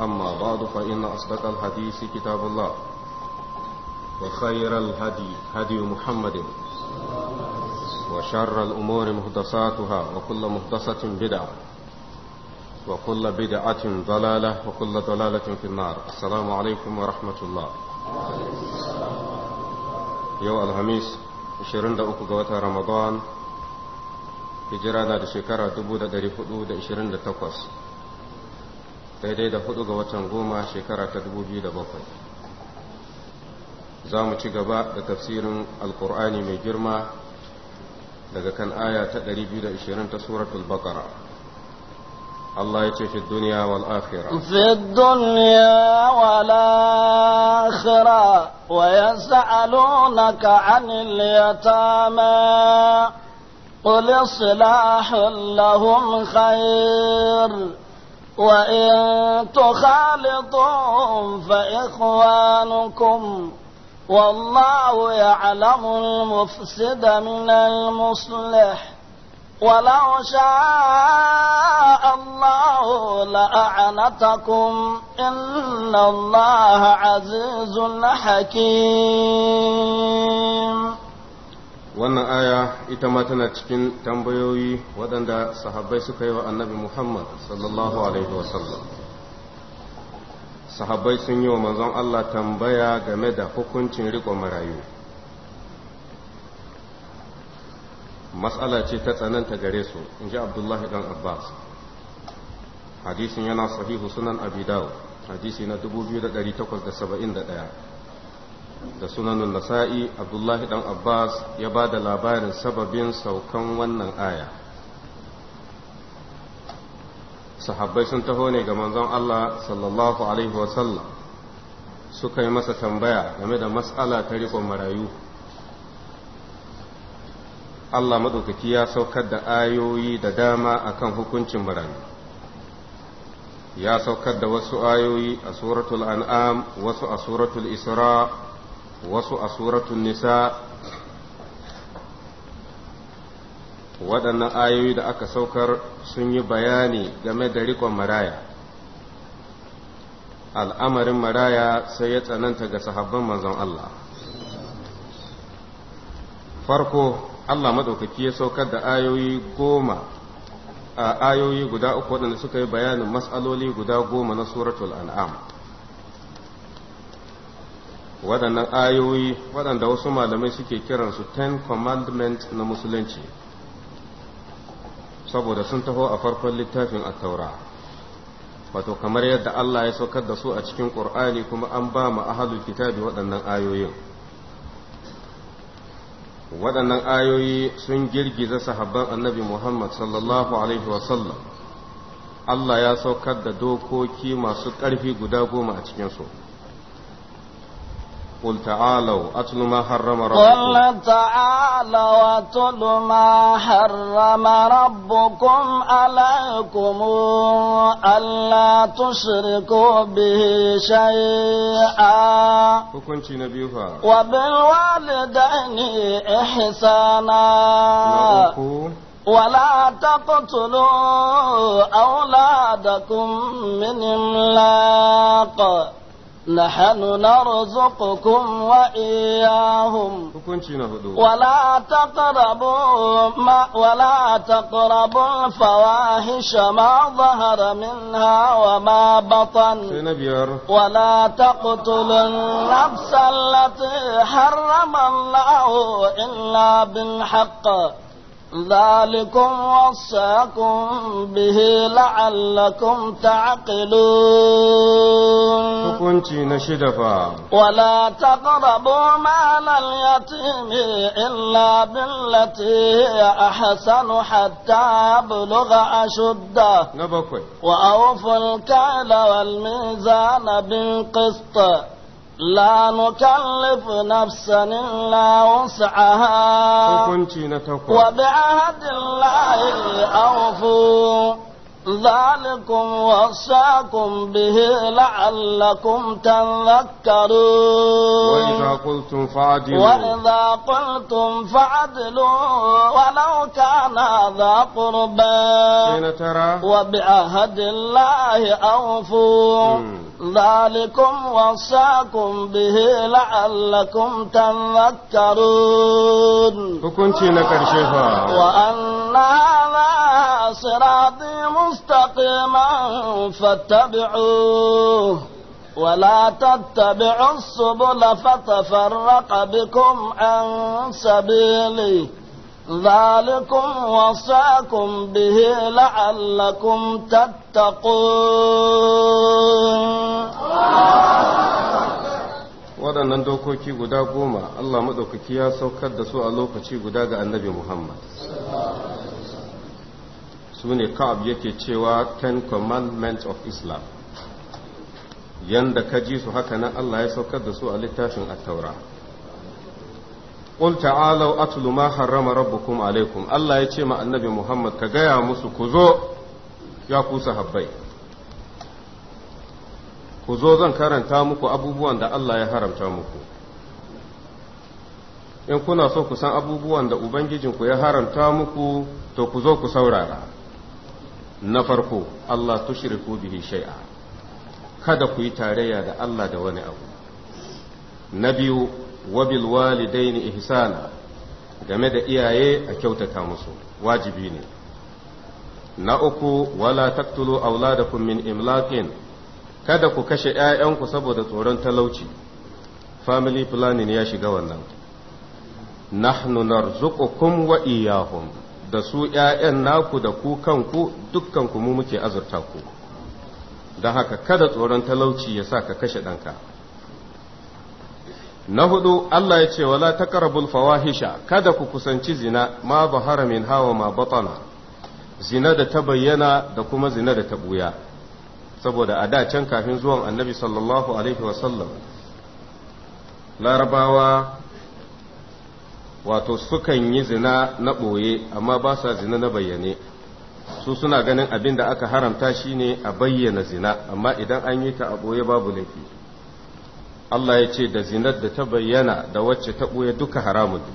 أما بعد فإن أصدق الحديث كتاب الله وخير الهدي هدي محمد وشر الأمور مهدساتها وكل مهدسة بدعة وكل بدعة ضلالة وكل ضلالة في النار السلام عليكم ورحمة الله يو الهميس رمضان ga watan Ramadan hijira na da shekara 1428 daidai da hudu ga watan goma shekara ta dubu biyu da za mu ci gaba da tafsirin alkur'ani mai girma daga kan aya ta ishirin ta suratul baqara Allah ya ce fi duniya wal akhira fi duniya wal akhira wa yas'alunaka 'anil yatama قل اصلاح لهم خير وإن تخالطهم فإخوانكم والله يعلم المفسد من المصلح ولو شاء الله لأعنتكم إن الله عزيز حكيم wannan aya ita ma tana cikin tambayoyi waɗanda sahabbai suka yi wa annabi muhammad sallallahu alaihi wasallam sahabbai sun yi wa manzon allah tambaya game da hukuncin riƙon marayu matsala ce ta tsananta gare su in ji abdullahi dan abbas hadisin yana sahihu sunan abidawo hadisi na 2871 da sunanin nasa'i abdullahi dan abbas ya ba da labarin sababin saukan wannan aya sahabbai sun taho ne ga manzon Allah sallallahu alaihi wasallam suka yi masa tambaya game da mas'ala ta riƙon marayu Allah maɗaukaki ya saukar da ayoyi da dama akan hukuncin marayu ya saukar da wasu ayoyi a suratul an'am wasu a suratul isra' wasu a suratun nisa waɗannan ayoyi da aka saukar sun yi bayani game da rikon maraya al'amarin maraya sai ya tsananta ga sahabban manzon Allah farko Allah maɗaukaki ya saukar da ayoyi goma a ayoyi guda uku waɗanda suka yi bayanin matsaloli guda goma na suratul an'am waɗannan ayoyi waɗanda wasu malamai suke kiransu ten commandment na musulunci saboda sun taho a farkon littafin attaura wato kamar yadda Allah ya saukar da su a cikin ƙur'ani kuma an ba mu ahalul kitabi waɗannan ayoyin waɗannan ayoyi sun girgiza sahabban annabi Muhammad sallallahu alaihi wasallam Allah ya saukar da dokoki masu ƙarfi guda goma a cikinsu. قل تعالوا أتل ما حرم ربكم قل تعالوا أتل ما حرم ربكم عليكم ألا تشركوا به شيئا hukunci نبيها وبالوالدين إحسانا ولا تقتلوا أولادكم من إملاق نحن نرزقكم وإياهم ولا تقربوا ما ولا تقربوا الفواحش ما ظهر منها وما بطن ولا تقتلوا النفس التي حرم الله إلا بالحق ذلكم وصاكم به لعلكم تعقلون hukunci na shida fa wala taqrabu mal al yatim illa billati hiya ahsanu hatta yablugha ashudda na bakwai لا نكلف نفسا إلا وسعها وبعهد الله أوفوا ذلكم وصاكم به لعلكم تذكرون وإذا قلتم فعدلوا وإذا قلتم فعدلوا ولو كان ذا قربا وبعهد الله أوفوا ذلكم وصاكم به لعلكم تذكرون حكمتي نكرشه وأن هذا صراطي مستقيما فاتبعوه ولا تتبعوا السبل فتفرق بكم عن سبيلي ذلكم وصاكم به لعلكم تتقون waɗannan dokoki guda goma Allah maɗaukaki ya saukar da su a lokaci guda ga annabi Muhammad su ne ka'ab yake cewa ten commandments of Islam yanda ka ji su haka nan Allah ya saukar da su a littafin a taura qul ta'alau atlu ma harrama rabbukum alaikum Allah ya ce ma annabi Muhammad ka gaya musu ku zo ya ku sahabbai ku zo zan karanta muku abubuwan da Allah ya haramta muku in kuna so ku san abubuwan da ubangijinku ya haramta muku to ku zo ku saurara na farko Allah tushriku bihi shay'a kada ku yi tarayya da Allah da wani abu na biyu wa bil walidaini ihsana game da iyaye a kyautata musu wajibi ne na uku wala taktulu auladakum min imlaqin kada ku kashe ‘ya'yanku saboda tsoron talauci, family planning ya shiga wannan. Nahnu narzuqukum wa iyahum da su ‘ya'yan naku da ku kanku dukkanku mu muke azurta ku, don haka kada tsoron talauci ya sa ka kashe ɗanka. na hudu Allah ya ce wala ta taqrabul fawahisha kada ku kusanci zina ma bahara min hawa ma batana zina da ta bayyana da kuma zina da ta buya saboda a da can kafin zuwan annabi sallallahu alaihi wasallam larabawa wato sukan yi zina na ɓoye amma ba sa zina na bayyane su suna ganin abin da aka haramta shine a bayyana zina amma idan an yi ta a ɓoye babu laifi Allah ya ce da zinar da ta bayyana da wacce ta ɓuya duka haramun ne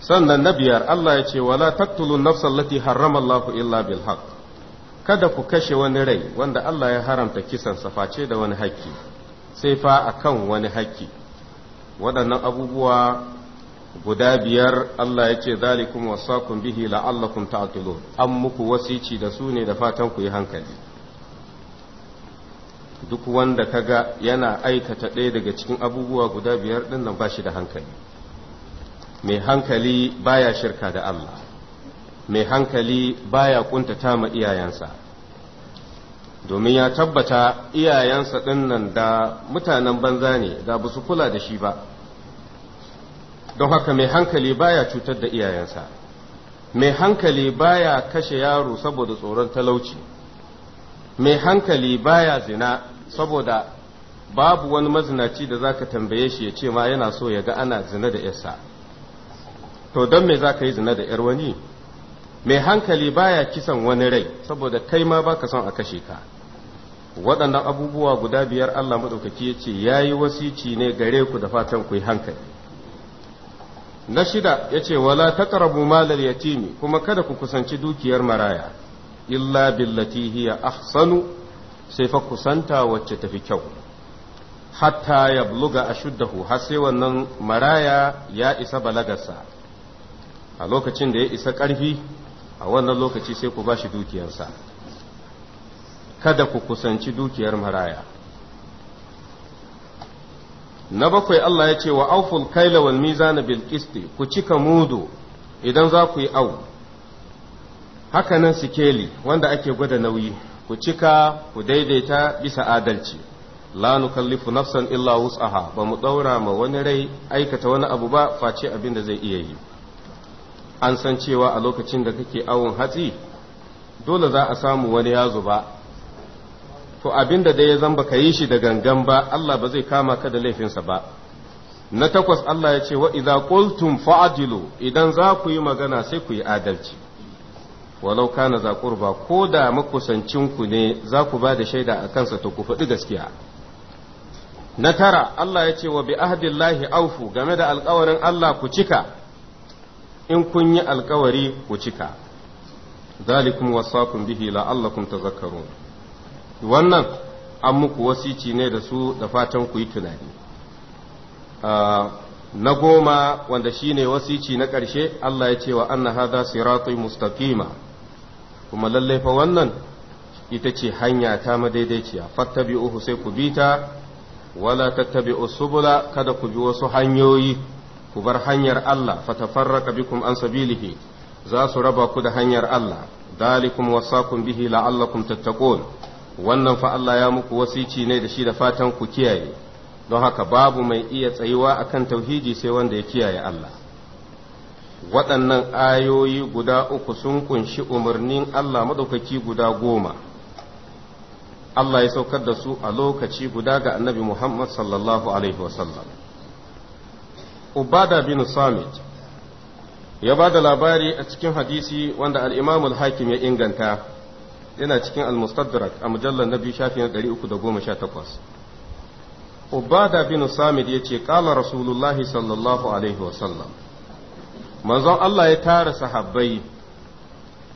sannan na biyar Allah ya ce wala tattulu nafsan lati harrama Allah illa bil kada ku kashe wani rai wanda Allah ya haramta kisan sa face da wani haƙƙi sai fa akan wani haƙƙi waɗannan abubuwa guda biyar Allah ya ce zalikum wasakum bihi la'allakum ta'qilun an muku wasici da su ne da fatan ku yi hankali duk wanda ka ga yana aikata ɗaya daga cikin abubuwa guda biyar ɗin nan ba shi da hankali mai hankali baya shirka da Allah mai hankali baya kuntata ma iyayensa domin ya tabbata iyayensa ɗin nan da mutanen banza ne da ba su kula da shi ba don haka mai hankali baya cutar da iyayensa mai hankali baya kashe yaro saboda tsoron talauci mai hankali baya zina saboda babu wani mazinaci da zaka tambaye shi ya ce ma yana so ya ga ana zina da yarsa to don me zaka yi zina da yar wani mai hankali baya kisan wani rai saboda kai ma baka son a kashe ka waɗannan abubuwa guda biyar Allah maɗaukaki ya ce ya yi wasici ne gare ku da fatan ku yi hankali na shida ya ce wala taqrabu malal yatimi kuma kada ku kusanci dukiyar maraya illa billati hiya ahsanu sai fa kusanta wacce tafi kyau hatta ya bluga shuddahu har sai wannan maraya ya isa balagarsa a lokacin da ya isa ƙarfi a wannan lokaci sai ku bashi dukiyarsa kada ku kusanci dukiyar maraya na bakwai Allah ya ce wa auful kaila wal mizana bil ku cika mudu idan za ku yi au hakanan sikeli wanda ake gwada nauyi ku cika ku daidaita bisa adalci la nukallifu nafsan illa wus'aha ba mu daura ma wani rai aikata wani abu ba face abin da zai iya yi an san cewa a lokacin da kake awon hatsi dole za a samu wani yazo ba to abin da dai ya zamba ka yi shi da gangan ba Allah ba zai kama ka da laifinsa ba na takwas Allah ya ce wa idza qultum fa'dilu idan za ku yi magana sai ku yi adalci walau kana za ba ko da makusancinku ne za ku ba da shaida a kansa ta ku faɗi gaskiya na tara Allah ya ce wa bi ahdillahi aufu game da alkawarin Allah ku cika in kun yi alkawari ku cika zalikum wasakum bihi la'allakum zakaru. wannan an muku wasici ne da su da fatan ku yi tunani ah, na goma wanda shine wasici na ƙarshe Allah ya ce wa anna hadha siratun mustaqima kuma lallai fa wannan ita ce hanya ta madaidaiciya fattabi'uhu sai ku bi ta wala tattabi'u subula kada ku bi wasu hanyoyi ku bar hanyar Allah fatafarraqa bikum an sabilihi za su raba ku da hanyar Allah dalikum wasakum bihi la'allakum tattaqun wannan fa Allah ya muku wasici ne da shi da fatan ku kiyaye don haka babu mai iya tsayuwa akan tauhidi sai wanda ya kiyaye Allah waɗannan ayoyi guda uku sun kunshi umarnin Allah maɗaukaki guda goma Allah ya saukar da su a lokaci guda ga annabi Muhammad sallallahu Alaihi wasallam Ubada bin Samit ya ba da labari a cikin hadisi wanda al'imamul hakim ya inganta yana cikin al-mustadrak a mujallar na biyu shafi na 318 Ubada bin Samit ya ce, Ƙala Rasulullahi sallallahu Alaihi wasallam. manzon Allah ya tara sahabbai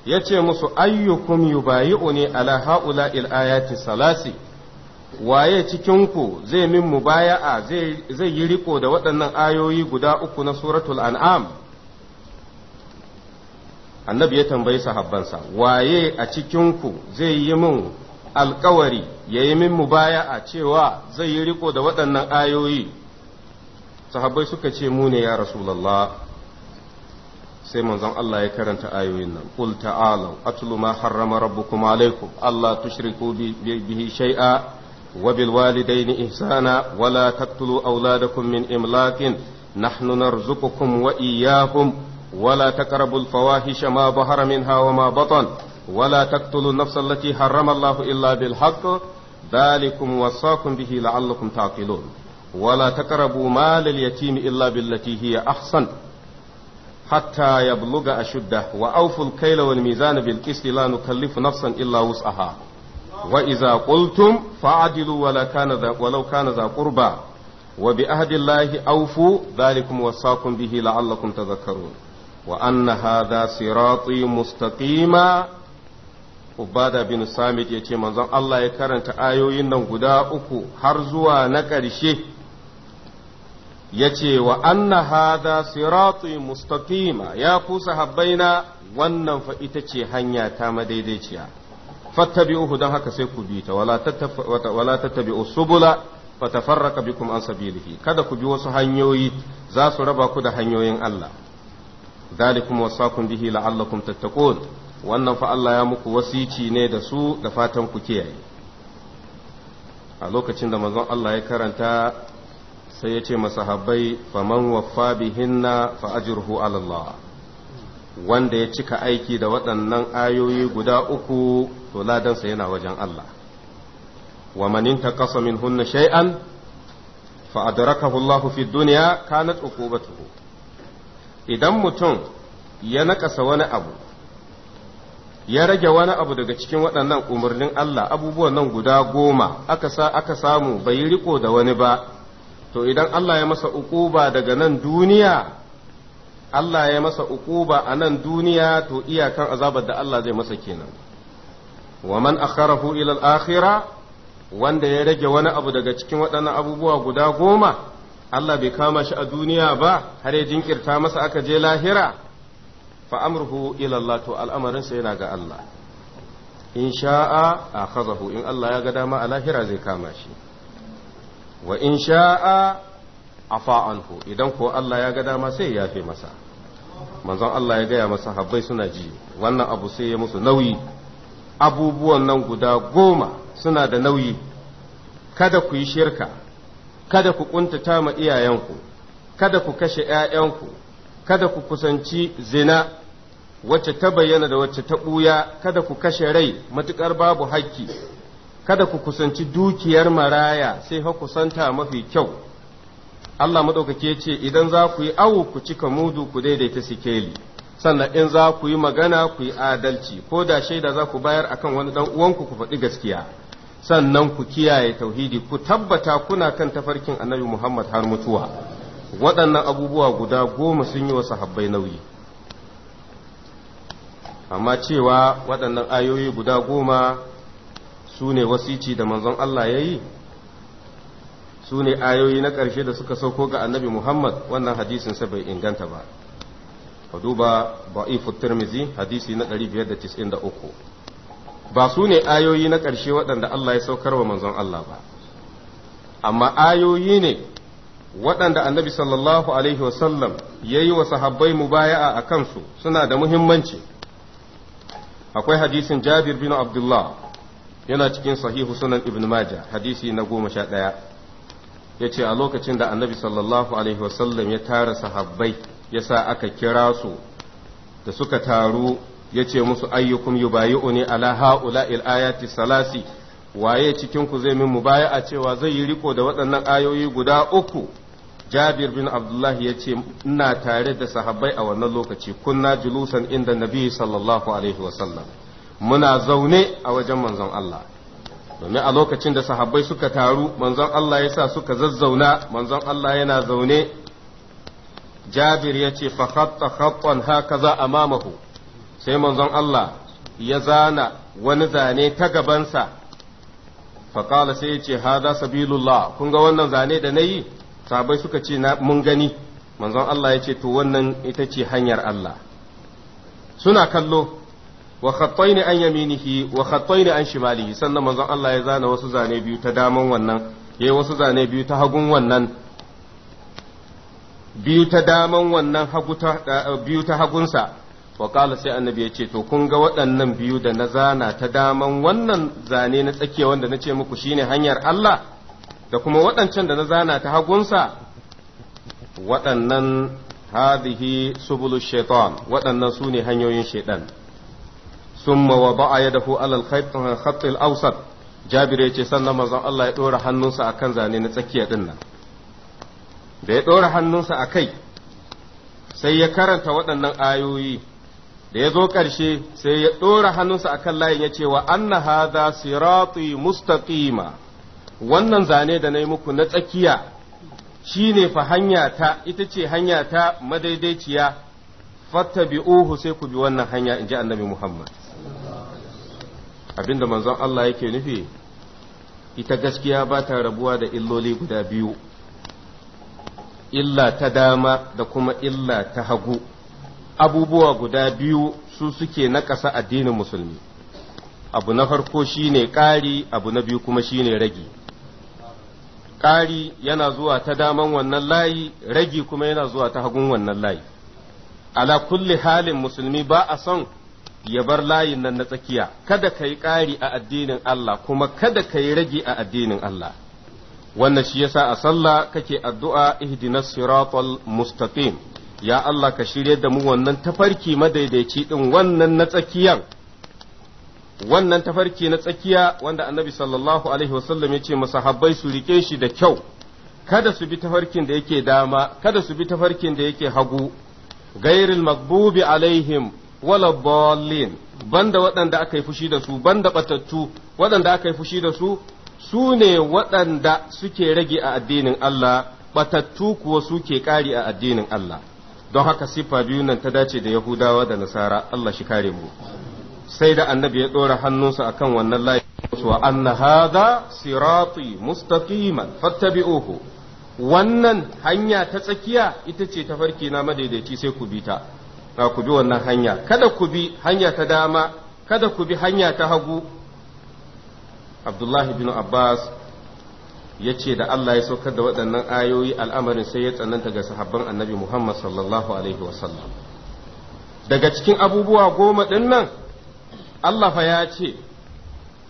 ya ce musu ayyukum ne ala ha'ula ayati salasi waye cikinku zai min mubaya'a zai yi riko da waɗannan ayoyi guda uku na suratul an'am annabi ya tambayi sahabbansa waye a cikinku zai yi min alkawari ya yi min mubaya'a cewa zai yi riko da waɗannan ayoyi sahabbai suka ce mu ne ya rasulallah sai manzon Allah ya karanta ayoyin nan qul ta'ala atlu ma harrama rabbukum alaykum alla tushriku bihi shay'a wa bil walidayni ihsana wa la taqtulu awladakum min imlakin nahnu narzuqukum wa iyyakum wa la taqrabu al fawahisha ma bahara minha wa ma batan wa la taqtulu nafsa allati harrama Allahu illa bil haqq ذلكم وصاكم به لعلكم تعقلون ولا تقربوا مال اليتيم إلا ya هي hatta ya buluga a shudda wa auful kaila wal mizana bil qisti la nukallifu nafsan illa wus'aha wa iza qultum fa'dilu wala kana za walau kana za qurba wa bi ahdillahi awfu dhalikum wasaqum bihi la'allakum zakaru. wa anna hadha sirati mustaqima Ubada bin Samit ya ce manzon Allah ya karanta ayoyin nan guda uku har zuwa na ƙarshe yace wa anna hadha sirati mustaqima ya ku sahabbaina wannan fa ita ce hanya ta madaidaiciya fattabi'uhu don haka sai ku bi ta wala tattabi'u subula fatafarraqa bikum an sabilihi kada ku bi wasu hanyoyi za su raba ku da hanyoyin Allah dalikum wasakum bihi la'allakum tattaqun wannan fa Allah ya muku wasici ne da su da fatan ku kiyaye a lokacin da manzon Allah ya karanta sai ya ce masahabbai faman waffa bihinna fa ajruhu ala Allah wanda ya cika aiki da waɗannan ayoyi guda uku to ladansa yana wajen Allah wa man intaqasa hunna shay'an fa adrakahu Allah fi dunya kanat uqubatuhu idan mutum ya nakasa wani abu ya rage wani abu daga cikin waɗannan umarnin Allah abubuwan nan guda goma aka sa aka samu bai riko da wani ba to idan Allah ya masa ukuba daga nan duniya Allah ya masa ukuba a nan duniya to iyakan azabar da Allah zai masa kenan wa man akharahu ila al akhira, wanda ya rage wani abu daga cikin waɗannan abubuwa guda goma Allah bai kama shi a duniya ba har ya jinkirta masa aka je lahira fa amruhu ila Allah to al'amarinsa yana ga Allah in sha'a akhadahu in Allah ya ga dama a lahira zai kama shi wa in sha'a afa anhu idan ko Allah ya ga dama sai ya fi masa manzon Allah ya gaya masa habbai suna ji wannan abu sai ya musu nauyi abubuwan nan guda goma suna da nauyi kada ku yi shirka kada ku kuntata ma iyayenku kada ku kashe ‘ya'yanku kada ku kusanci zina wacce ta bayyana da wacce ta ɓuya kada ku kashe rai matuƙar babu haƙƙi. kada ku kusanci dukiyar maraya sai fa kusanta mafi kyau Allah maɗaukaki yace ce idan za ku yi awo ku cika mudu ku daidaita sikeli sannan in za ku yi magana ku yi adalci ko da shaida za ku bayar akan wani dan uwanku ku faɗi gaskiya sannan ku kiyaye tauhidi ku tabbata kuna kan tafarkin annabi Muhammad har mutuwa waɗannan abubuwa guda goma sun yi wa sahabbai nauyi amma cewa waɗannan ayoyi guda goma su ne wasici da manzon Allah ya yi su ne ayoyi na ƙarshe da suka sauko ga annabi Muhammad wannan hadisinsa bai inganta ba ka duba ba'ifu tirmizi hadisi na 593 ba su ne ayoyi na ƙarshe waɗanda Allah ya saukar wa manzon Allah ba amma ayoyi ne waɗanda annabi sallallahu alaihi wasallam ya yi wa sahabbai mubaya'a a kansu suna da muhimmanci akwai hadisin jabir bin abdullah yana cikin sahihu sunan ibn majah hadisi na goma sha ɗaya ya ce a lokacin da annabi sallallahu alaihi wasallam ya tara sahabbai ya sa aka kira su da suka taru ya ce musu ayyukum yubayi'uni ala ha'ula'il ayati salasi waye cikinku zai min a cewa zai yi riko da waɗannan ayoyi guda uku jabir bin abdullahi ya ce ina tare da sahabbai a wannan lokaci kunna julusan inda nabi sallallahu alaihi wasallam muna zaune a wajen manzon Allah domin a lokacin da sahabbai suka taru manzon Allah ya sa suka zazzauna manzon Allah yana zaune jabir ya ce fa khatta khattan hakaza amamahu sai manzon Allah ya zana wani zane ta gabansa faƙala sai ya ce hada sabilullah kun ga wannan zane da na yi suka ce mun gani manzon Allah yace to wannan ita ce hanyar Allah suna kallo wa khattaini an yaminihi wa khattaini an shimalihi sannan manzon Allah ya zana wasu zane biyu ta daman wannan yayi wasu zane biyu ta hagun wannan biyu ta daman wannan hagu ta eh, biyu ta hagunsa wa qala sai annabi ya ce to kun ga waɗannan biyu da na zana ta daman wannan zane na tsakiya wanda na ce muku shine hanyar Allah da kuma waɗancan da na zana ta hagunsa waɗannan hadhihi subulu shaitan waɗannan su ne hanyoyin shaitan summa wa ba'a yadahu alal khatt al awsat jabir yace sannan manzon Allah ya dora hannunsa akan zane na tsakiya din nan da ya dora hannunsa kai sai ya karanta waɗannan ayoyi da ya zo ƙarshe sai ya ɗora hannunsa a kan layin ya cewa wa anna hadha sirati mustaqima wannan zane da na yi muku na tsakiya shine fa hanya ta ita ce hanya ta madaidaiciya fattabi'uhu sai ku bi wannan hanya in ji annabi Muhammad abinda manzon Allah yake nufi ita gaskiya ba ta rabuwa da illoli guda biyu illa ta dama da kuma illa ta hagu abubuwa guda biyu su suke naƙasa addinin musulmi abu na farko shine ƙari abu na biyu kuma shine ragi ƙari yana zuwa ta daman wannan layi ragi kuma yana zuwa ta hagun wannan layi ala kulli halin musulmi ba a son ya bar layin nan na tsakiya kada ka yi ƙari a addinin Allah kuma kada ka yi rage a addinin Allah wannan shi yasa a sallah kake addu'a ihdinas siratal mustaqim ya Allah ka shirye da mu wannan tafarki madaidaici din wannan na tsakiyan wannan tafarki na tsakiya wanda annabi sallallahu alaihi wasallam ya ce masahabbai su rike shi da kyau kada su bi tafarkin da yake dama kada su bi tafarkin da yake hagu gairil maghdubi alaihim wala dallin banda waɗanda aka yi fushi da su banda batattu waɗanda aka yi fushi da su su ne waɗanda suke rage a addinin Allah batattu kuwa suke ƙari a addinin Allah don haka siffa biyu nan ta dace da Yahudawa da Nasara Allah shi kare mu sai da annabi ya ɗora hannunsa akan wannan layi wa anna hadha sirati mustaqiman fattabi'uhu wannan hanya ta tsakiya ita ce ta farki na madaidaici sai ku bi ta ku bi wannan hanya kada ku bi hanya ta dama kada ku bi hanya ta hagu abdullahi bin abbas ya ce da allah ya saukar da waɗannan ayoyi al'amarin sai ya tsananta ga sahabban annabi muhammad sallallahu alaihi wasallam daga cikin abubuwa goma ɗin nan allah fa ya ce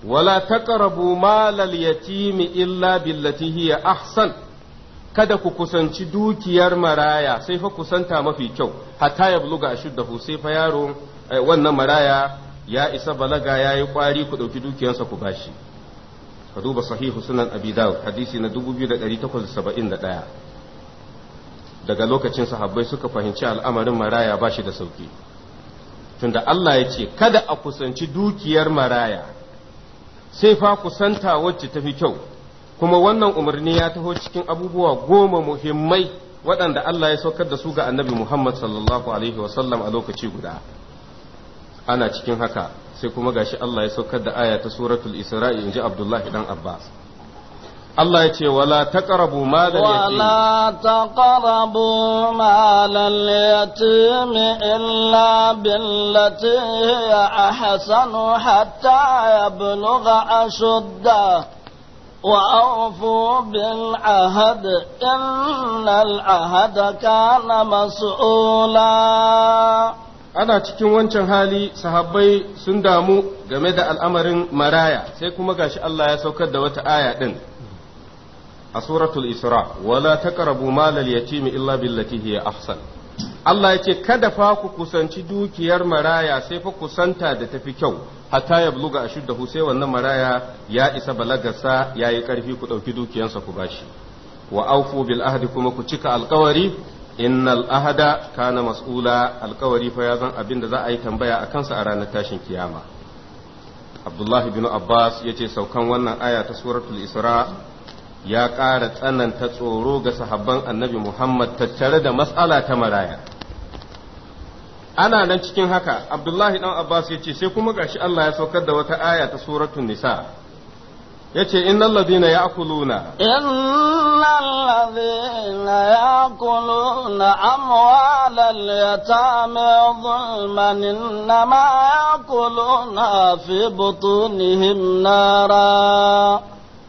wala taqrabu malal yatimi illa billati hiya ahsan kada ku kusanci dukiyar maraya sai fa kusanta mafi kyau hatta ya buluga a shuddahu sai fa yaro eh, wannan maraya ya isa balaga ya yi kwari ku ɗauki dukiyarsa ku bashi ka duba sahihu sunan abi dawud hadisi na 2871 daga lokacin sahabbai suka fahimci al'amarin maraya ba shi da sauki tunda Allah ya ce kada a kusanci dukiyar maraya sai fa kusanta wacce ta fi kyau kuma wannan umarni ya taho cikin abubuwa goma muhimmai waɗanda Allah ya saukar da su ga annabi Muhammad sallallahu alaihi wasallam a lokaci guda ana cikin haka sai kuma gashi Allah ya saukar da aya ta suratul isra'i inji Abdullahi dan Abbas Allah ya ce wala taqrabu malal yatim wala taqrabu malal yatim illa billati ahsanu hatta yablugha ashuddahu وأوفوا بالعهد إن العهد كان مسؤولا ana cikin wancan hali sahabbai sun damu game da al'amarin maraya sai kuma gashi Allah ya saukar da wata aya ɗin a suratul isra wala taqrabu malal yatimi illa billati hiya ahsan Allah ya ce kada fa ku kusanci dukiyar maraya sai fa kusanta da tafi kyau hatta ya bluga a shuddahu sai wannan maraya ya isa balagarsa ya yi ƙarfi ku ɗauki dukiyarsa ku bashi wa aufu bil ahdi kuma ku cika alƙawari innal ahada kana mas'ula alƙawari fa ya zan abin da za a yi tambaya a kansa a ranar tashin kiyama Abdullahi bin Abbas ya ce saukan wannan aya ta suratul Isra ya ƙara tsananta tsoro ga sahabban annabi Muhammad tattare da matsala ta maraya. Ana nan cikin haka, Abdullahi ɗan Abbas ya ce, sai kuma gashi Allah ya saukar da wata aya ta suratun nisa. ya ce, Innan ladina ya akuluna. ladina ya kuluna amwalar ya ta zulman ma ya kuluna fi butunihim nara.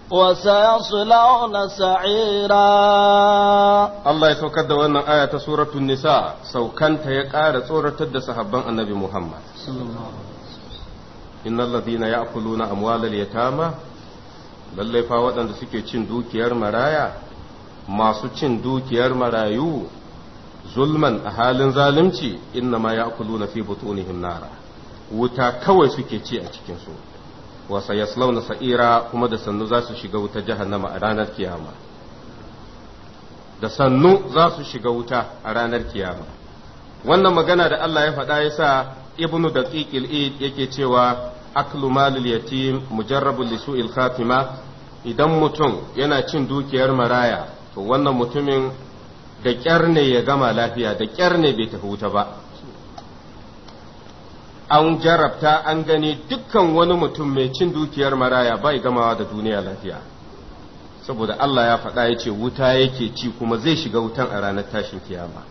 وسيصلون سعيرا الله يسوكد وانا آية سورة النساء سوكنت يقار سورة الدسحبان النبي محمد صلى الله عليه وسلم إن الذين يأكلون أموال اليتامى lallai fa waɗanda suke cin dukiyar maraya masu cin dukiyar marayu zulman a halin zalunci inna ma ya fi butunihim nara wuta kawai suke ci a cikinsu wa sayaslawna sa'ira kuma da sannu za su shiga wuta jahannama a ranar kiyama da sannu za su shiga wuta a ranar kiyama wannan magana da Allah ya faɗa ya sa ibnu daqiqil id yake cewa aklu malil yatim mujarrabul lisu'il khatima idan mutum yana cin dukiyar maraya to wannan mutumin da kyar ne ya gama lafiya da kyar ne bai tafi wuta ba an jarabta an gani dukkan wani mutum mai cin dukiyar maraya bai gamawa da duniya lafiya saboda Allah ya faɗa ya ce wuta yake ci kuma zai shiga wutan a ranar tashin kiyama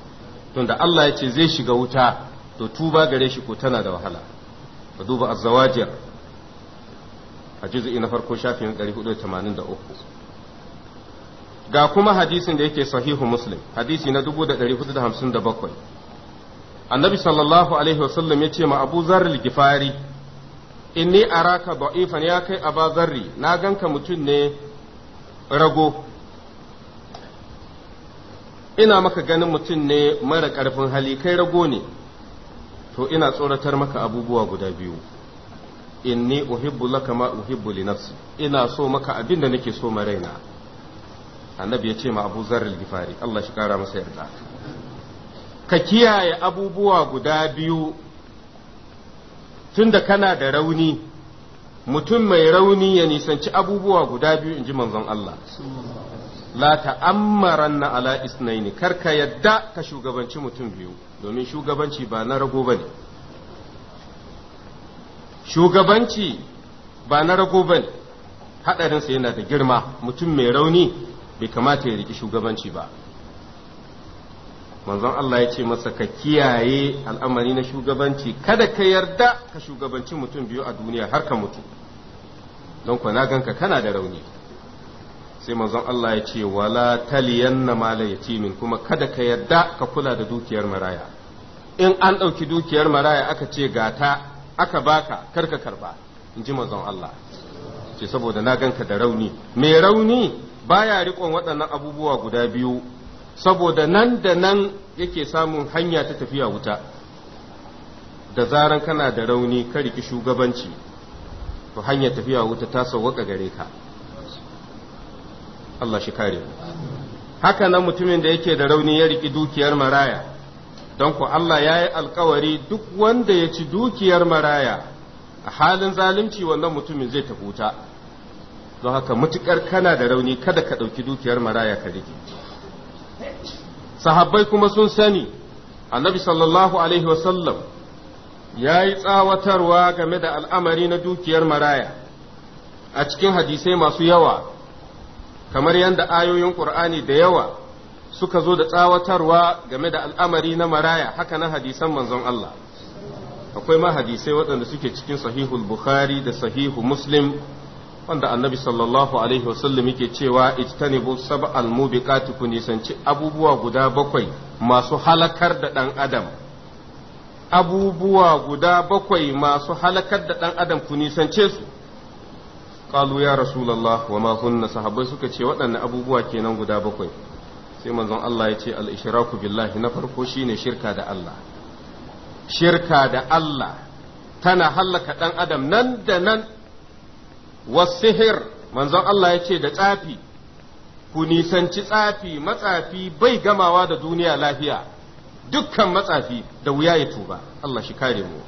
tunda Allah ya ce zai shiga wuta to tuba gare shi ko tana da wahala ka duba azzawajir a juz'i na farko shafin 483 ga kuma hadisin da yake sahihu muslim hadisi na 1457 annabi sallallahu alaihi wasallam ya ce ma abu zarri gifari inni araka da'ifan ya kai aba zarri na ganka mutum ne rago ina maka ganin mutum ne mara ƙarfin hali kai rago ne to ina tsoratar maka abubuwa guda biyu inni uhibbu laka ma uhibbu li nafsi ina so maka abin da nake so ma raina annabi ya ce ma abu zarri gifari Allah shi kara masa yarda ka kiyaye abubuwa guda biyu tunda kana da rauni mutum mai rauni ya nisanci abubuwa guda biyu in ji manzon Allah la ta'ammaran na ala isnaini kar ka yadda ka shugabanci mutum biyu domin shugabanci ba na rago ba ne shugabanci ba na rago ba ne sa yana da girma mutum mai rauni bai kamata ya riki shugabanci ba manzon Allah ya ce masa ka kiyaye al'amari na shugabanci kada ka yarda ka shugabanci mutum biyu a duniya har ka mutu don na ganka kana da rauni sai manzon Allah ya ce wala na mala min kuma kada ka yarda ka kula da dukiyar maraya in an ɗauki dukiyar maraya aka ce gata aka baka kar ka karba in ji manzon Allah ce saboda na ganka da rauni mai rauni baya riƙon waɗannan abubuwa guda biyu saboda nan da nan yake samun hanya ta tafiya wuta da zaran kana da rauni ka riki shugabanci to hanyar tafiya wuta ta sauwaka gare ka Allah shi kare haka nan mutumin da yake da rauni ya riki dukiyar maraya don ku Allah ya yi alkawari duk wanda ya ci dukiyar maraya a halin zalunci wannan mutumin zai tafi wuta don haka matukar kana da rauni kada ka ɗauki dukiyar maraya ka riki sahabbai kuma sun sani annabi sallallahu alaihi wasallam ya yi tsawatarwa game da al'amari na dukiyar maraya a cikin hadisai masu yawa kamar yadda ayoyin ƙur'ani da yawa suka zo da tsawatarwa game da al'amari na maraya haka na hadisan manzon Allah akwai ma hadisai waɗanda suke cikin sahihul bukhari da sahihu muslim wanda annabi sallallahu alaihi wasallam yake cewa ijtanibu sab'al mubiqati ku nisanci abubuwa guda bakwai masu halakar da dan adam abubuwa guda bakwai masu halakar da dan adam ku nisance su qalu ya rasulullah wa ma hunna sahabbai suka ce waɗannan abubuwa kenan guda bakwai sai manzon Allah ya ce al-ishraku billahi na farko shine shirka da Allah shirka da Allah tana halaka dan adam nan da nan wasihir manzon Allah ya ce da tsafi ku nisanci tsafi matsafi bai gamawa da duniya lafiya dukkan matsafi da wuya ya tuba Allah shi kare mu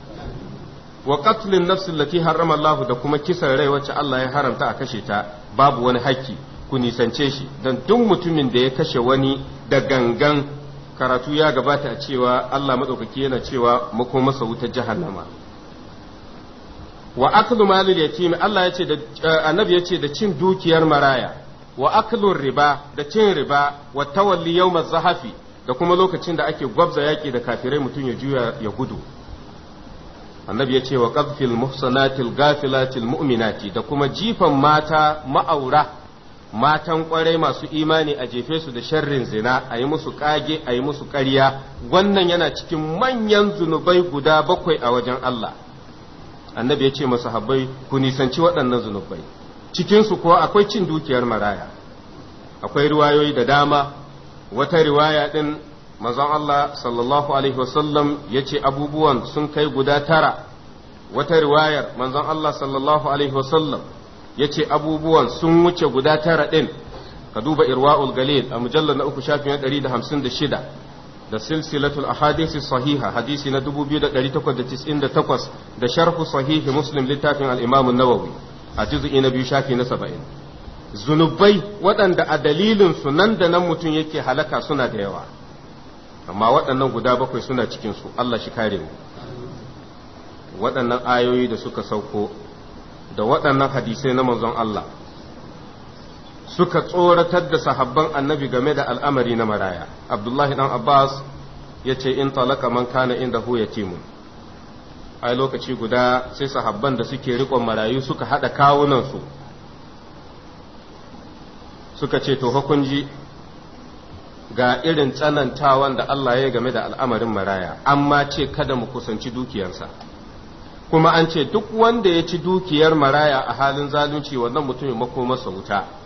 wa qatlin nafsi allati harrama Allah da kuma kisan rai wacce Allah ya haramta a kashe ta babu wani haƙƙi ku nisance shi Dan duk mutumin da ya kashe wani da gangan karatu ya gabata a cewa Allah maɗaukaki yana cewa mako masa wuta jahannama wa aklu malil yatim Allah ya da eh, annabi ya ce da cin dukiyar maraya wa aklu riba da cin riba wa tawalli yawm zahafi da kuma lokacin da ake gwabza yaki da kafirai mutum ya juya ya gudu annabi ya ce wa qadfil muhsanatil gafilatil mu'minati da kuma jifan mata ma'aura matan kwarai masu imani a jefe su da sharrin zina a yi musu kage a yi musu ƙarya wannan yana cikin manyan zunubai guda bakwai a wajen Allah annabi ya ce masahabbai ku nisanci waɗannan zunubai cikinsu kuwa akwai cin dukiyar maraya akwai riwayoyi da dama wata riwaya ɗin mazan Allah sallallahu alaihi wasallam ya ce abubuwan sun kai guda tara wata riwayar manzon Allah sallallahu alaihi wasallam ya ce abubuwan sun wuce guda tara ɗin ka duba irwa'ul galil a mujallar na uku shafin 156 da silsilatul ahadisi sahiha hadisi na 2898 da sharhu sahihi muslim littafin al-imam an-nawawi a juz'i na biyu shafi na 70 zunubai waɗanda a dalilin su nan da nan mutum yake halaka suna da yawa amma waɗannan guda bakwai suna cikin su Allah shi kare mu waɗannan ayoyi da suka sauko da waɗannan hadisai na manzon Allah suka tsoratar da sahabban annabi game da al'amari na maraya abdullahi dan abbas ya ce in talaka man kana inda hu timu. a lokaci guda sai sahabban da suke rikon marayu suka haɗa kawunansu suka ce to hukunji ga irin tsanantawan da Allah ya game da al'amarin maraya amma ce kada mu kusanci dukiyarsa kuma an ce duk wanda ya ci dukiyar maraya a halin zalunci wannan mutumin makomarsa wuta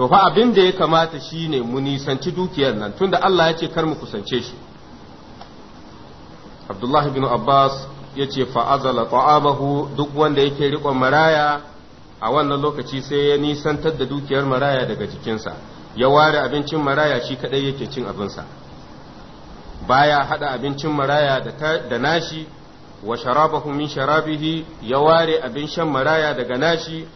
to fa abin da ya kamata shine mu nisanci dukiyar nan tunda Allah ya ce kar mu kusance shi Abdullah ibn Abbas ya ce fa azala ta'abahu duk wanda yake riƙon maraya a wannan lokaci sai ya nisantar da dukiyar maraya daga jikinsa ya ware abincin maraya shi kadai yake cin abinsa baya hada abincin maraya da nashi wa sharabahu min sharabihi ya ware abin shan maraya daga nashi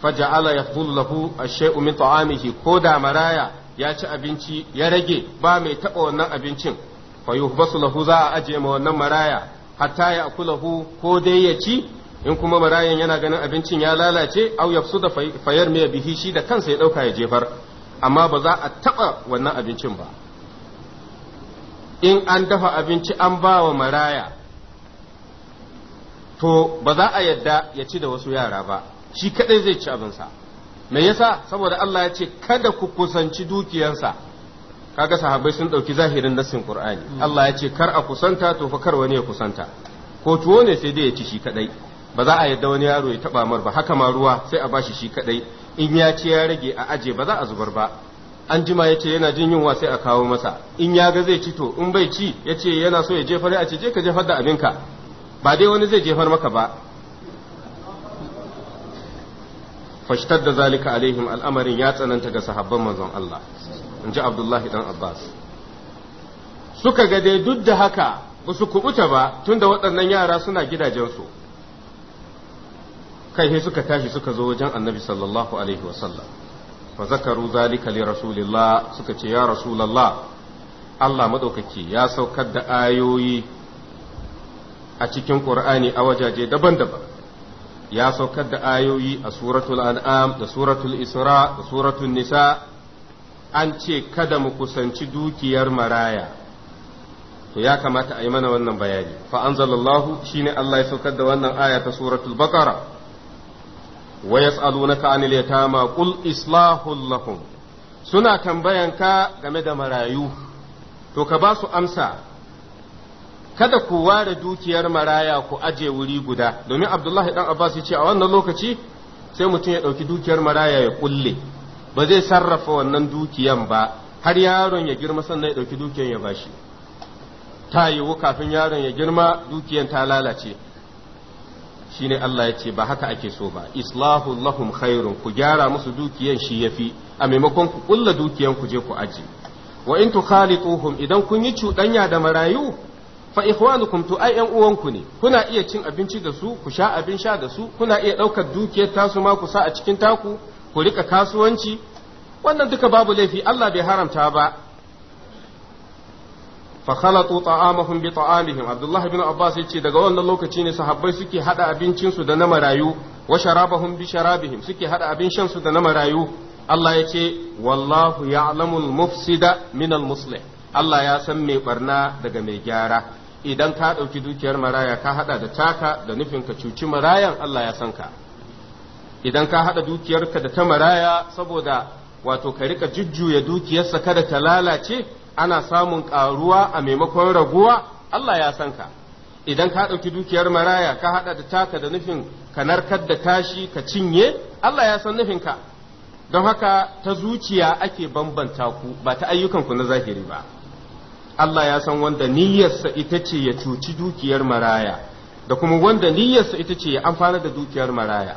faja'ala yafdulu lahu ashay'u min ta'amihi ko da maraya ya ci abinci ya rage ba mai taɓa wannan abincin fa yuhbasu lahu za a aje ma wannan maraya hatta ya akulahu ko dai ya ci in kuma marayan yana ganin abincin ya lalace au yafsu da fayar mai bihi shi da kansa ya ɗauka ya jefar amma ba za a taɓa wannan abincin ba in an dafa abinci an ba wa maraya to ba za a yadda ya ci da wasu yara ba shi kaɗai zai ci abinsa me yasa saboda Allah ya ce kada ku kusanci dukiyarsa kaga sahabbai sun ɗauki zahirin nassin Qur'ani hmm. Allah ya ce kar a kusanta to fa kar wani ya kusanta ko tuwo ne sai dai ya ci shi kaɗai ba za a yadda wani yaro ya taba mar ba haka ma ruwa sai a bashi shi kaɗai in ya ce ya rage a aje ba za a zubar ba an jima ya ce yana jin yunwa sai a kawo masa in ya ga zai ci to in bai ci ya ce yana so ya jefar a ce je ka jefar da abinka ba dai wani zai jefar maka ba fashtar da zalika alaihim al'amarin ya tsananta ga sahabban manzon Allah in ji Abdullahi dan Abbas suka ga dai duk da haka ba su kubuta ba tunda waɗannan yara suna gidajensu kai sai suka tashi suka zo wajen annabi sallallahu alaihi wasallam fa zakaru zalika li rasulillah suka ce ya rasulullah Allah madaukaki ya saukar da ayoyi a cikin Qur'ani a wajaje daban-daban ya saukar da ayoyi a suratul an'am da suratul isra da suratul nisa an ce kada mu kusanci dukiyar maraya to ya kamata a yi mana wannan bayani fa anzalallahu shine Allah ya saukar da wannan aya ta suratul baqara wa yas'alunaka anil yatama qul islahul lahum suna tambayanka game da marayu to ka ba su amsa kada ku ware dukiyar maraya ku aje wuri guda domin abdullahi dan abbas ya ce a wannan lokaci sai mutum ya ɗauki dukiyar maraya ya kulle ba zai sarrafa wannan dukiyan ba har yaron ya girma sannan ya ɗauki dukiyan ya bashi ta yiwu kafin yaron ya girma dukiyan ta lalace shine Allah ya ce ba haka ake so ba islahu lahum khairun ku gyara musu dukiyan shi yafi a maimakon ku kulla dukiyan ku je ku aje wa in tukhalituhum idan kun yi cuɗanya da marayu fa ikhwanukum to ai yan uwanku ne kuna iya cin abinci da su ku sha abin sha da su kuna iya ɗaukar dukiyar tasu ma ku sa a cikin taku ku rika kasuwanci wannan duka babu laifi Allah bai haramta ba fa khalatu ta'amahum bi ta'amihim Abdullah ibn Abbas yace daga wannan lokaci ne sahabbai suke hada abincin su da na marayu wa sharabahum bi sharabihim suke hada abin shan su da na marayu Allah yace wallahu ya'lamul mufsida min al-muslih Allah ya san mai barna daga mai gyara idan ka ɗauki dukiyar maraya ka haɗa da taka da nufin ka cuci marayan Allah ya san ka idan ka haɗa dukiyarka da ta maraya saboda wato ka rika jujjuya dukiyarsa kada ta lalace ana samun ƙaruwa a maimakon raguwa Allah ya san ka idan ka ɗauki dukiyar maraya ka haɗa da taka da nufin ka narkar da tashi ka cinye Allah ya san nufin ka. don haka ta zuciya ake bambanta ku ba ta ayyukanku na zahiri ba Allah ya san wanda niyyarsa ita ce ya cuci dukiyar maraya da kuma wanda niyyarsa ita ce ya amfana da dukiyar maraya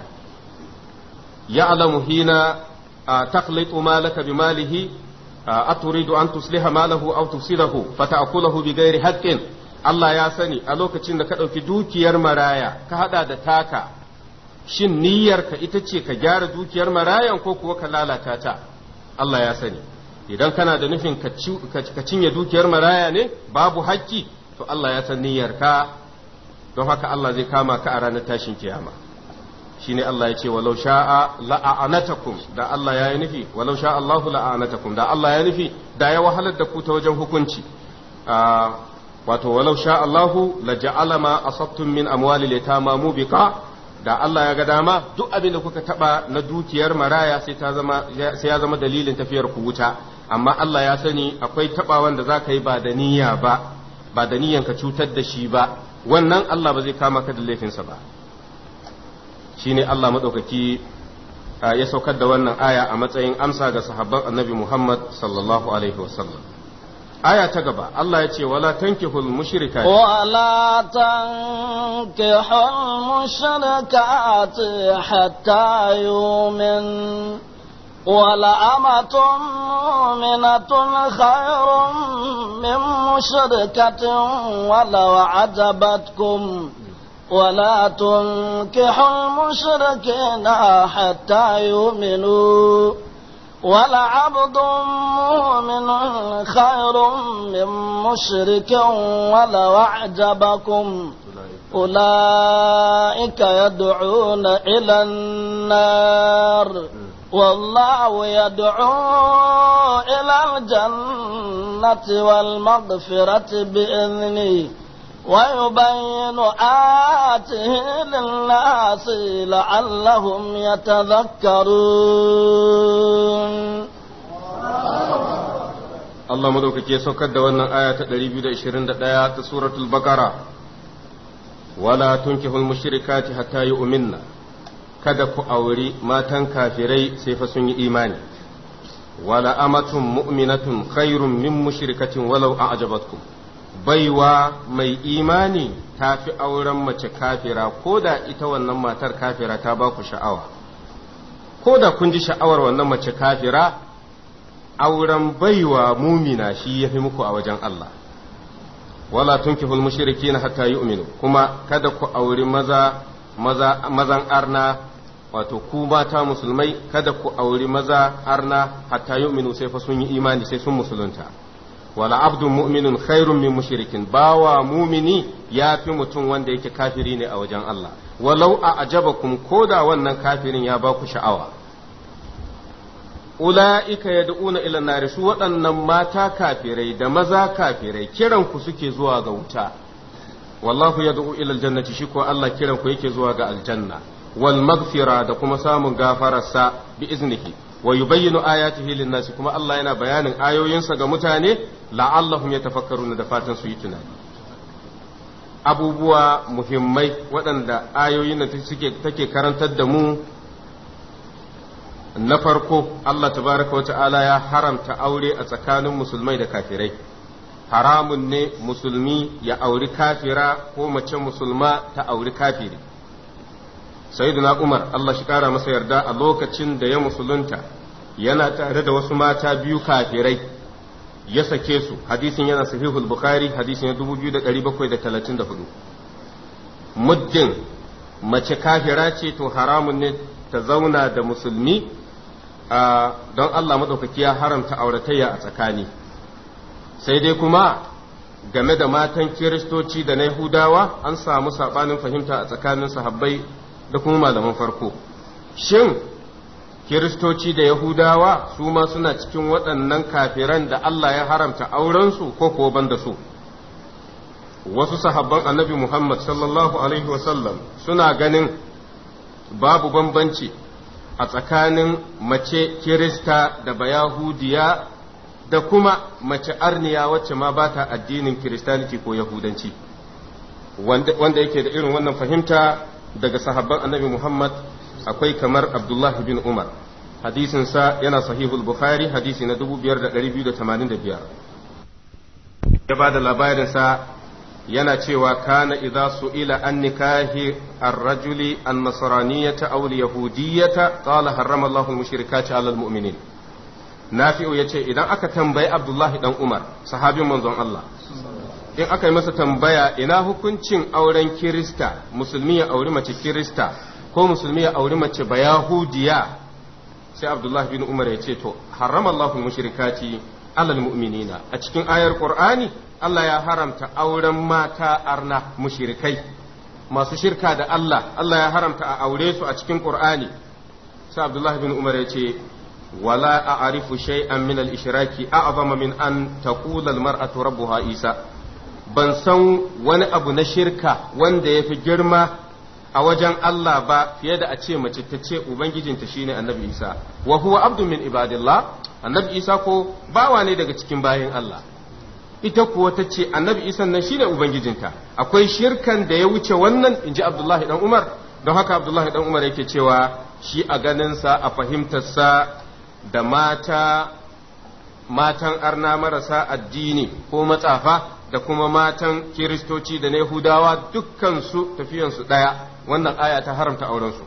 ya alamu hina takhlitu malaka bi malihi aturidu an tusliha malahu aw tufsidahu fata'kulahu bi ghairi haqqin Allah ya sani a lokacin da ka ɗauki dukiyar maraya ka hada da taka shin niyyarka ita ce ka gyara dukiyar marayan ko kuwa ka lalata ta Allah ya sani idan kana da nufin ka cinye dukiyar maraya ne babu haƙƙi to Allah ya san ka don haka Allah zai kama ka a ranar tashin kiyama shine Allah ya ce walau sha'a la'anatakum da Allah ya yi nufi walau sha'a Allahu la'anatakum da Allah ya nufi da ya wahalar da ku ta wajen hukunci ah, wato walau sha Allahu la ja'ala ma asabtum min amwali litama mubiqa da Allah ya ga dama duk abin da kuka taba na dukiyar maraya sai sai ya zama dalilin tafiyar ku wuta amma Allah ya sani akwai taɓawan da za ka yi ba da niyya ba ba da niyyan ka cutar da shi ba wannan Allah ba zai kama ka da laifinsa ba shine Allah maɗaukaki ya saukar da wannan aya a matsayin amsa ga sahabban annabi Muhammad sallallahu alaihi wasallam aya ta gaba Allah ya ce wala tankihul mushrikati wala tankihul mushrikati ولأمة مؤمنة خير من مشركة ولو عجبتكم ولا تنكحوا المشركين حتى يؤمنوا ولعبد مؤمن خير من مشرك ولو أعجبكم أولئك يدعون إلى النار والله يدعو إلى الجنة والمغفرة بإذنه ويبين آياته للناس لعلهم يتذكرون Allah madaukake saukar da wannan aya ta 221 ta suratul Baqara wala tunkihul mushrikati hatta yu'minna kada ku auri matan kafirai sai fa sun yi imani wala amatun mu'minatun khairun min mushrikatin walau a'jabatkum baiwa mai imani ta fi auren mace kafira ko da ita wannan matar kafira ta ba ku sha'awa ko da kun ji sha'awar wannan mace kafira auren baiwa mumina shi ya fi muku a wajen Allah wala tunkihul mushrikina hatta yu'minu kuma kada ku auri maza mazan arna wato ku mata musulmai kada ku auri maza har na hatta yu'minu sai fa sun yi imani sai sun musulunta wala abdu mu'minun khairun min mushrikin bawa mumini ya fi mutum wanda yake kafiri ne a wajen Allah walau a ajabakum koda wannan kafirin ya ba ku sha'awa ula'ika yad'una ila nari su waɗannan mata kafirai da maza kafirai kiran ku suke zuwa ga wuta wallahu yad'u ila aljannati shi ko Allah kiran ku yake zuwa ga aljanna wal maghfira da kuma samun gafararsa bi iznihi wa yubayyinu ayatihi lin-nasi kuma Allah yana bayanin ayoyinsa ga mutane la'allahum yatafakkaruna da fatan su yi tunani abubuwa muhimmai waɗanda ayoyin da take karantar da mu na farko Allah tabaraka wata'ala ya haramta aure a tsakanin musulmai da kafirai haramun ne musulmi ya auri kafira ko mace musulma ta auri kafiri sayyidina umar Allah shi kara masa yarda a lokacin da ya musulunta yana tare da wasu mata biyu kafirai ya sake su hadisin yana sahihul bukhari hadisin ya hudu. muddin mace kafira ce to haramun ne ta zauna da musulmi don Allah maɗaukaki ya haramta auratayya a tsakani sai dai kuma game da matan kiristoci da na yahudawa an samu saɓanin fahimta a tsakanin sahabbai da kuma malaman farko shin kiristoci da yahudawa su ma suna cikin waɗannan kafiran da Allah ya haramta aurensu ko ko ban su wasu sahabban annabi Muhammad sallallahu alaihi wasallam suna ganin babu bambanci a tsakanin mace kirista da bayahudiya da kuma mace arniya wacce ma bata addinin kiristaniti ko yahudanci wanda yake da irin wannan fahimta daga sahabban annabi Muhammad akwai kamar Abdullahi bin Umar hadisin sa yana sahihul Bukhari hadisi na 5285 ya bada labarin sa yana cewa kana idza su'ila an nikahi ar-rajuli an-nasraniyata aw al-yahudiyyata qala harrama Allahu al-mushrikata 'ala al-mu'minin nafi'u yace idan aka tambayi Abdullahi dan Umar sahabin manzon Allah in aka yi masa tambaya ina hukuncin auren kirista musulmi ya auri mace kirista ko musulmi ya auri mace bayahudiya sai abdullahi bin umar ya ce to haram allahu mushrikati alal mu'minina a cikin ayar qur'ani allah ya haramta auren mata arna mushrikai masu shirka da allah allah ya haramta a aure su a cikin qur'ani sai abdullahi bin umar ya ce wala a'rifu shay'an min al-ishraki a'zama min an taqula al-mar'atu rabbuha isa ban san wani abu na shirka wanda ya fi girma a wajen Allah ba fiye da a ce mace ta ce ubangijinta shi ne annabi Isa wa huwa abdu min ibadillah annabi Isa ko bawa ne daga cikin bayan Allah ita kuwa ta ce annabi Isa nan ne ubangijinta akwai shirkan da ya wuce wannan inji Abdullahi dan Umar don haka Abdullahi ɗan Umar yake cewa shi a ganinsa a fahimtarsa da mata matan arna marasa addini ko matsafa da kuma matan kiristoci da na yahudawa dukkansu tafiyansu ɗaya wannan aya ta haramta aurensu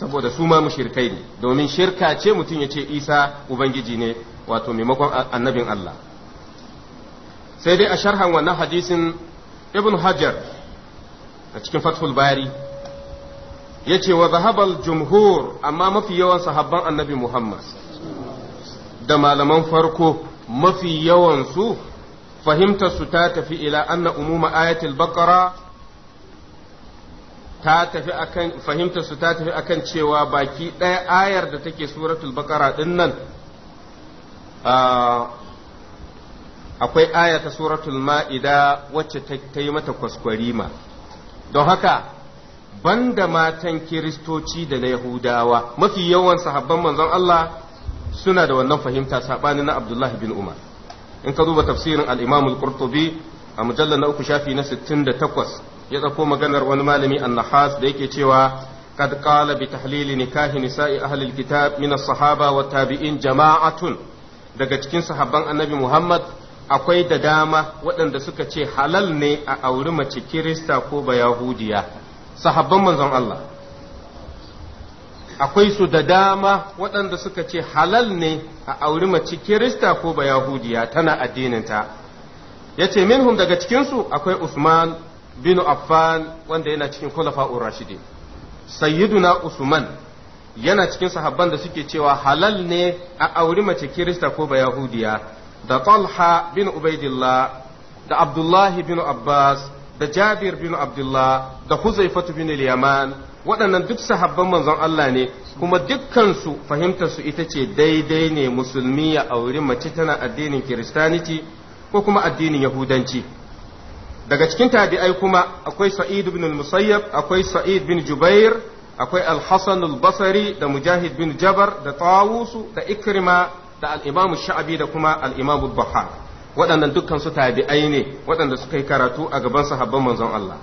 saboda su ma mushirkai ne domin shirka ce mutum ya ce isa ubangiji ne wato maimakon annabin allah sai dai a sharhan wannan hadisin ibn hajar a cikin fathul bari ya ce wa zahabal jumhur amma mafi yawan sahabban annabi muhammad da malaman farko mafi yawansu fahimtar su ta tafi ila anna umuma ayatul baqara ta tafi akan fahimtar ta tafi akan cewa baki ɗaya ayar da take suratul baqara din nan akwai aya ta suratul ma'ida wacce ta yi mata kwaskwarima don haka banda matan kiristoci da na yahudawa mafi yawan sahabban manzon Allah suna da wannan fahimta saɓani na abdullahi bin umar in ka duba tafsirin al-imam al-qurtubi a mujallar na uku shafi na 68 ya tsako maganar wani malami an-nahas da yake cewa قد قال بتحليل نكاح نساء أهل الكتاب من الصحابة والتابعين جماعة daga cikin sahabban annabi Muhammad akwai da dama waɗanda suka ce halal ne a auri mace Kirista ko Bayahudiya sahabban manzon Allah akwai su da dama waɗanda suka ce halal ne a auri mace kirista ko ba yahudiya tana addininta ya ce minhum daga cikinsu akwai usman bin affan wanda yana cikin kulafa'ur rashidi sayyiduna usman yana cikin sahabban da suke cewa halal ne a auri mace kirista ko ba yahudiya da talha bin ubaidillah da abdullahi bin abbas da jabir bin abdullah da huzaifatu bin yaman waɗannan duk sahabban manzon Allah ne kuma dukkansu fahimtarsu ita ce daidai ne musulmi ya auri mace tana addinin kiristaniti ko kuma addinin yahudanci daga cikin tabi'ai kuma akwai sa'id bin musayyab akwai sa'id bin jubair akwai al-hasan al-basri da mujahid bin jabar da tawusu da ikrima da al-imam shaabi da kuma al-imam bahar waɗannan dukkan tabi'ai ne waɗanda suka yi karatu a gaban sahabban manzon Allah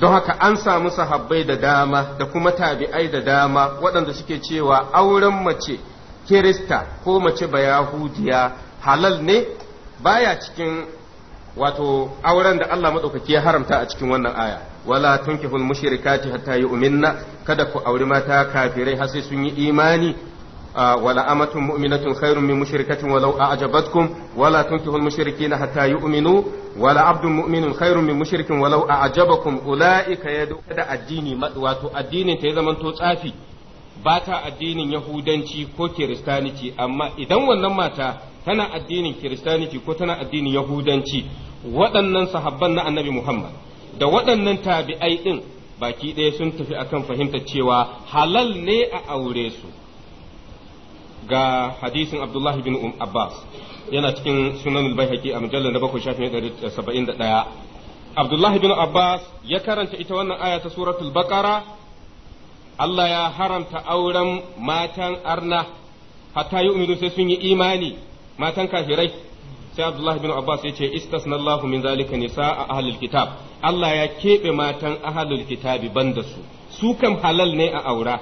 don haka an samu sahabbai da dama da kuma tabi'ai da dama waɗanda suke cewa auren mace kirista ko mace bayahudiya halal ne baya cikin wato auren da Allah maɗaukaki ya haramta a cikin wannan aya wala tunkihul mushrikati hatta yu'minna kada ku auri mata kafirai har sai sun yi imani wala amatun mu'minatun khairun min mushrikatin walau a'jabatkum wala tunkihu al-mushrikeena hatta yu'minu wala abdun mu'minun khairun min mushrikin walau a'jabakum ulaika yad'u da addini wato addinin ta ya zamanto tsafi ba ta addinin yahudanci ko kiristaniti amma idan wannan mata tana addinin kiristaniti ko tana addinin yahudanci waɗannan sahabban na annabi muhammad da waɗannan tabi'ai ɗin baki ɗaya sun tafi akan fahimtar cewa halal ne a aure su ga hadisin Abdullah bin um Abbas yana cikin sunan al-Baihaqi a mujallar na bakwai shafin 171 Abdullah bin Abbas ya karanta ita wannan aya ta suratul Baqara Allah ya haramta auren matan arna hatta yu'minu sai sun yi imani matan kafirai sai Abdullah bin Abbas ya ce istasnallahu min zalika nisa'a ahlul kitab Allah ya keɓe matan ahlul kitabi banda su su kam halal ne a aura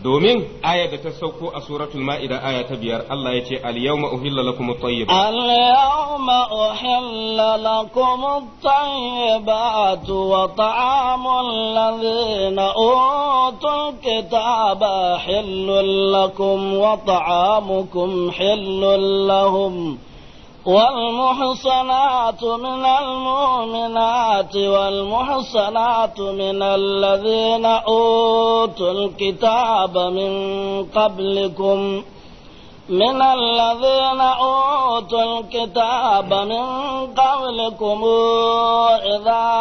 domin aya da ta sauko a suratul ma'ida aya ta biyar Allah ya ce al-yawma uhilla lakum at-tayyib al-yawma uhilla lakum at-tayyibat wa ta'amul ladhina utul kitaba hillul lakum wa ta'amukum hillul lahum والمحصنات من المؤمنات والمحصنات من الذين أوتوا الكتاب من قبلكم من الذين أوتوا الكتاب من قبلكم إذا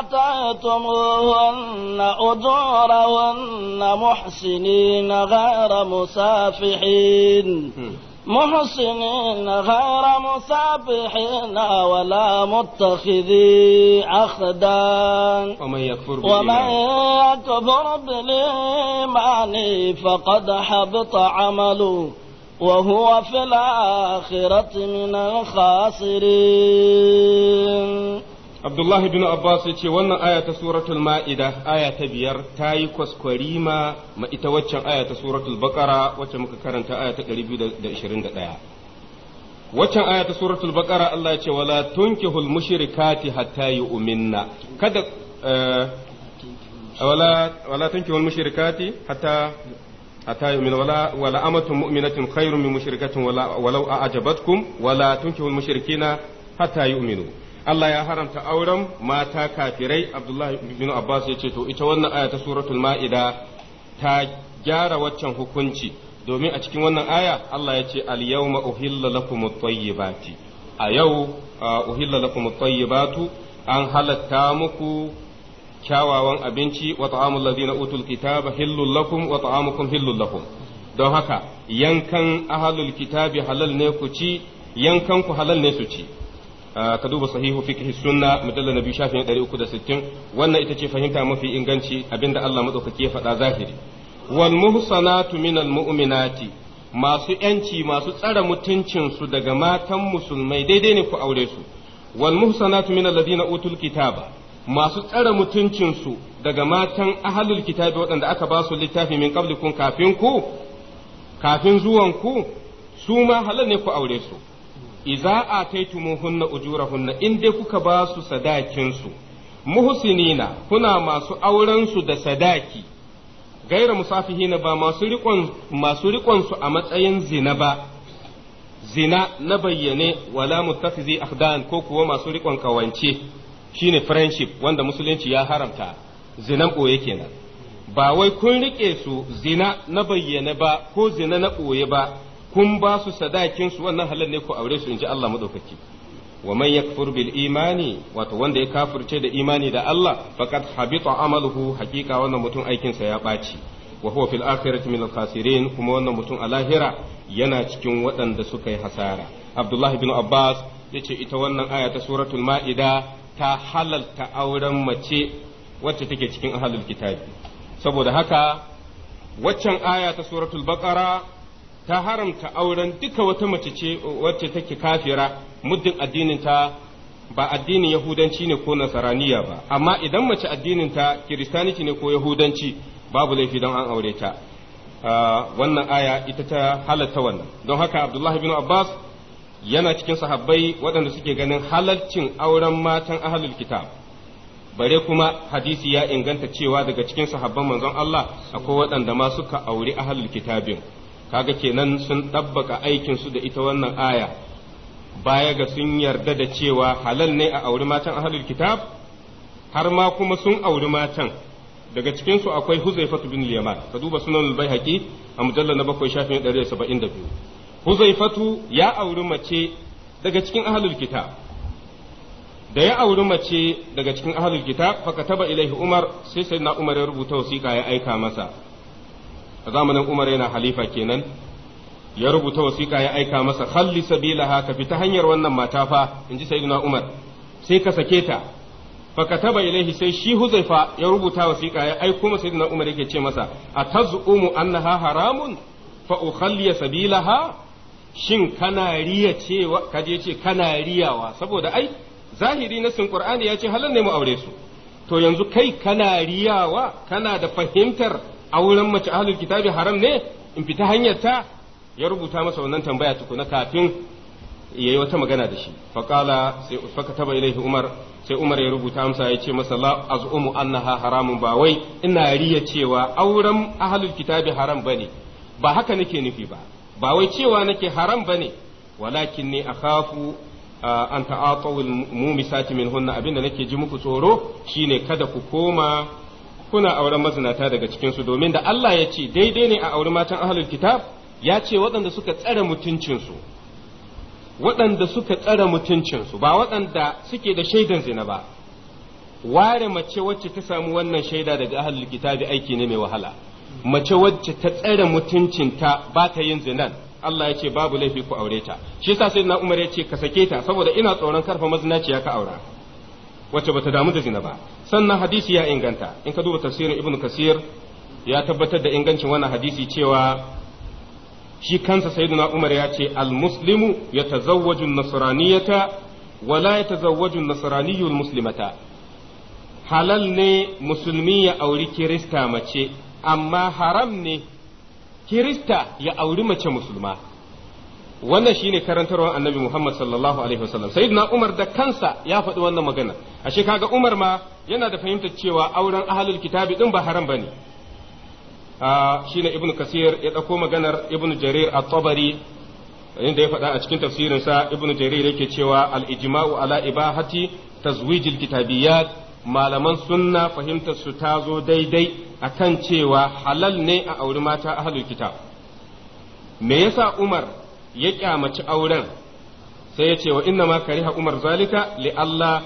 آتيتموهن أجورهن محسنين غير مسافحين محسنين غير مسابحين ولا متخذي أخدان ومن يكفر بالإيمان, ومن يكفر بالإيمان فقد حبط عمله وهو في الآخرة من الخاسرين Abdullahi bin Abbas ya ce wannan aya ta suratul ma'ida aya ta biyar ta yi kwaskwarima ma ita waccan aya ta suratul baqara wacce muka karanta aya ta 221 waccan aya ta suratul Baƙara Allah ya ce wala tunkihul mushrikati hatta yu'minna kada eh, wala wala tunkihul mushrikati hatta hatta yu'min wala wala amatun mu'minatin khairum min mushrikatin wala walau a'jabatkum wala tunkihul mushrikina hatta yu'minu Allah ya haramta auren mata kafirai Abdullahi bin Abbas ya ce to ita wannan aya ta suratul ma'ida ta gyara waccan hukunci domin a cikin wannan aya Allah ya ce al yawma uhilla lakum at-tayyibati a yau uhilla lakum at-tayyibatu an halatta muku kyawawan abinci wa ta'amul ladina utul kitaba hillul lakum wa ta'amukum hillul lakum don haka yankan ahlul kitabi halal ne ku ci yankan ku halal ne su ci ka duba sahihu fiqh sunna mujallal nabi shafin 360 wannan ita ce fahimta mafi inganci abinda Allah madaukake ya faɗa zahiri wal muhsanatu minal mu'minati masu yanci masu tsara mutuncin su daga matan musulmai daidai ne ku aure su wal muhsanatu minal ladina utul kitaba masu tsara mutuncin su daga matan ahlul kitabi waɗanda aka ba su littafi min qablikum kafin ku kafin zuwan ku su ma halal ne ku aure su Iza idza ujura ujurahunna in dai kuka ba su sadakin su muhsinina kuna masu aurensu da sadaki gaira musafihina ba masu riƙon masu riƙon su a matsayin zina ba zina na bayyane wala mutafizi ahdan ko kuwa masu riƙon kawance shine friendship wanda musulunci ya haramta zinan ɓoye kenan ba wai kun riƙe su zina na bayyane ba ko zina na ɓoye ba kun ba su sadakin su wannan halal ne ku aure su inji Allah madaukaki wa man yakfur bil imani wato wanda ya kafirce da imani da Allah faqad habita amaluhu haqiqa wannan mutum aikin sa ya baci wa huwa fil akhirati min al khasirin kuma wannan mutum a lahira yana cikin waɗanda suka yi hasara Abdullah bin Abbas yace ita wannan aya ta suratul ma'ida ta halalta auren mace wacce take cikin ahlul kitabi saboda haka waccan aya ta suratul baqara ta haramta auren duka wata mace ce wacce take kafira muddin ta ba addinin yahudanci ne ko nasaraniya ba amma idan mace addinin ta kiristaniti ne ko yahudanci babu laifi don an aure ta ah, wannan aya ita ta halatta wannan don haka abdullahi bin abbas yana cikin sahabbai waɗanda suke ganin halalcin auren matan ahalul kitab bare kuma hadisi ya inganta cewa daga cikin sahabban manzon Allah akwai waɗanda ma suka auri ahalul kitabin kaga kenan sun ɗabbaka aikinsu da ita wannan aya baya ga sun yarda da cewa halal ne a auri matan ahlul kitab har ma kuma sun auri matan daga cikinsu akwai huzaifatu bin liyaman ka duba sunan al haƙi a mujallar na bakwai shafin 172 huzaifatu ya auri mace daga cikin ahlul kitab da ya auri mace daga cikin ahlul kitab fa kataba ilaihi umar sai sai na umar ya rubuta wasiƙa ya aika masa a zamanin Umar yana halifa kenan ya rubuta wasiƙa ya aika masa khalli sabilaha ka fita hanyar wannan mata fa ji sayyidina Umar sai ka sake ta fa kataba ilaihi sai shi Huzaifa ya rubuta wasiƙa ya aiko masa sayyidina Umar yake ce masa atazumu annaha haramun fa ukhalli sabilaha shin kana riya cewa kaje ce kana riyawa saboda ai zahiri na sin Qur'ani ya ce halal ne mu aure su to yanzu kai kana riyawa kana da fahimtar auren mace ahlul kitabi haram ne in fita hanyar ta ya rubuta masa wannan tambaya tukuna kafin yayi wata magana da shi faqala sai fakataba ilaihi umar sai umar ya rubuta amsa ya ce masa la az'umu annaha haramun ba wai ina riya cewa auren ahlul kitabi haram bane ba haka nake nufi ba ba wai cewa nake haram bane walakin ne akhafu ah, an ta'atawul mumisati minhunna abinda nake ji muku tsoro shine kada ku koma kuna auren mazinata daga cikinsu domin da Allah ya ce daidai ne a auri matan ahlul kitab ya ce waɗanda suka tsare mutuncinsu waɗanda suka tsare mutuncinsu ba waɗanda suke da shaidan zina ba ware mace wacce ta samu wannan shaida daga ahlul kitabi aiki ne mai wahala mace wacce ta tsare mutuncinta ba ta yin zinan Allah ya ce babu laifi ku aure ta shi yasa sai na Umar ya ce ka sake ta saboda ina tsoron karfa mazinaciya ka aura wacce bata damu da zina ba sannan hadisi ya inganta in ka duba tafsirin ibnu kasir ya tabbatar da ingancin wannan hadisi cewa shi kansa sayyiduna umar ya ce almuslimu yatazawwaju nasraniyata wa la yatazawwaju an-nasraniyyu muslimata halal ne musulmi ya auri kirista mace amma haram ne kirista ya auri mace musulma wannan shine karantarwar annabi Muhammad sallallahu alaihi wasallam sayyidina Umar da kansa ya faɗi wannan magana ashe kaga Umar ma yana da fahimtar cewa auren ahlul kitabi din ba haram bane ah, shine ibnu kasir ya dauko maganar ibnu jarir at-tabari inda ya faɗa a cikin tafsirin sa ibnu jarir yake cewa al-ijma'u ala ibahati tazwijil kitabiyat malaman sunna fahimtar su ta zo daidai akan cewa halal ne a auri mata ahlul kitab me yasa Umar ya kyamaci auren sai ya ce wa inna ma kariha umar zalika li Allah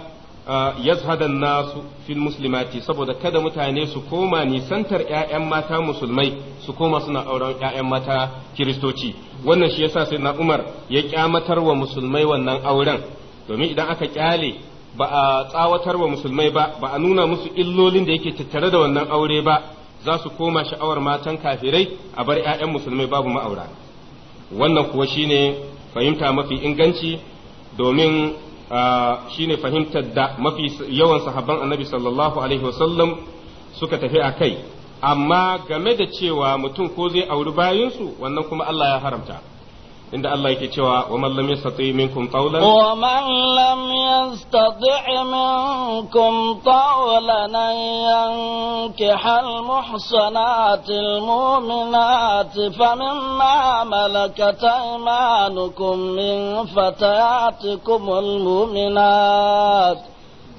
uh, yazhada nasu fil muslimati saboda kada mutane su koma nisantar yayan mata musulmai su koma suna auren ƴaƴan mata kiristoci wannan shi yasa sai na umar ya kyamatar wa musulmai wannan auren domin idan aka kyale ba a tsawatar wa musulmai ba ba a nuna musu illolin da yake tattare da wannan aure ba za su koma sha'awar matan kafirai a bar 'ya'yan musulmai babu ma'aura wannan kuwa shi ne fahimta mafi inganci domin shi ne fahimtar da mafi yawan sahabban annabi sallallahu alaihi wasallam suka tafi a kai amma game da cewa mutum ko zai auri bayansu wannan kuma Allah ya haramta inda Allah yake cewa wa man lam yastati minkum qawlan wa man lam yastati minkum qawlan yankiha al muhsanati al mu'minati famimma malakat aymanukum min fatayatikum al mu'minat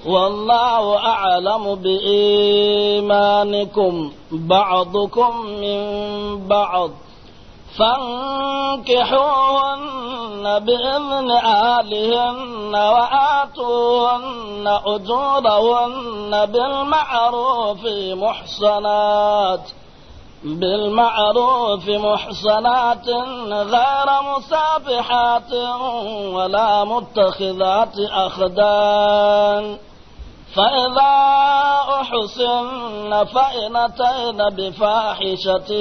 والله أعلم بإيمانكم بعضكم من بعض فانكحوهن بإذن أهلهن وآتوهن أجورهن بالمعروف محصنات بالمعروف محصنات غير مسافحات ولا متخذات أخدان فإذا أحسن فإن أتين بفاحشة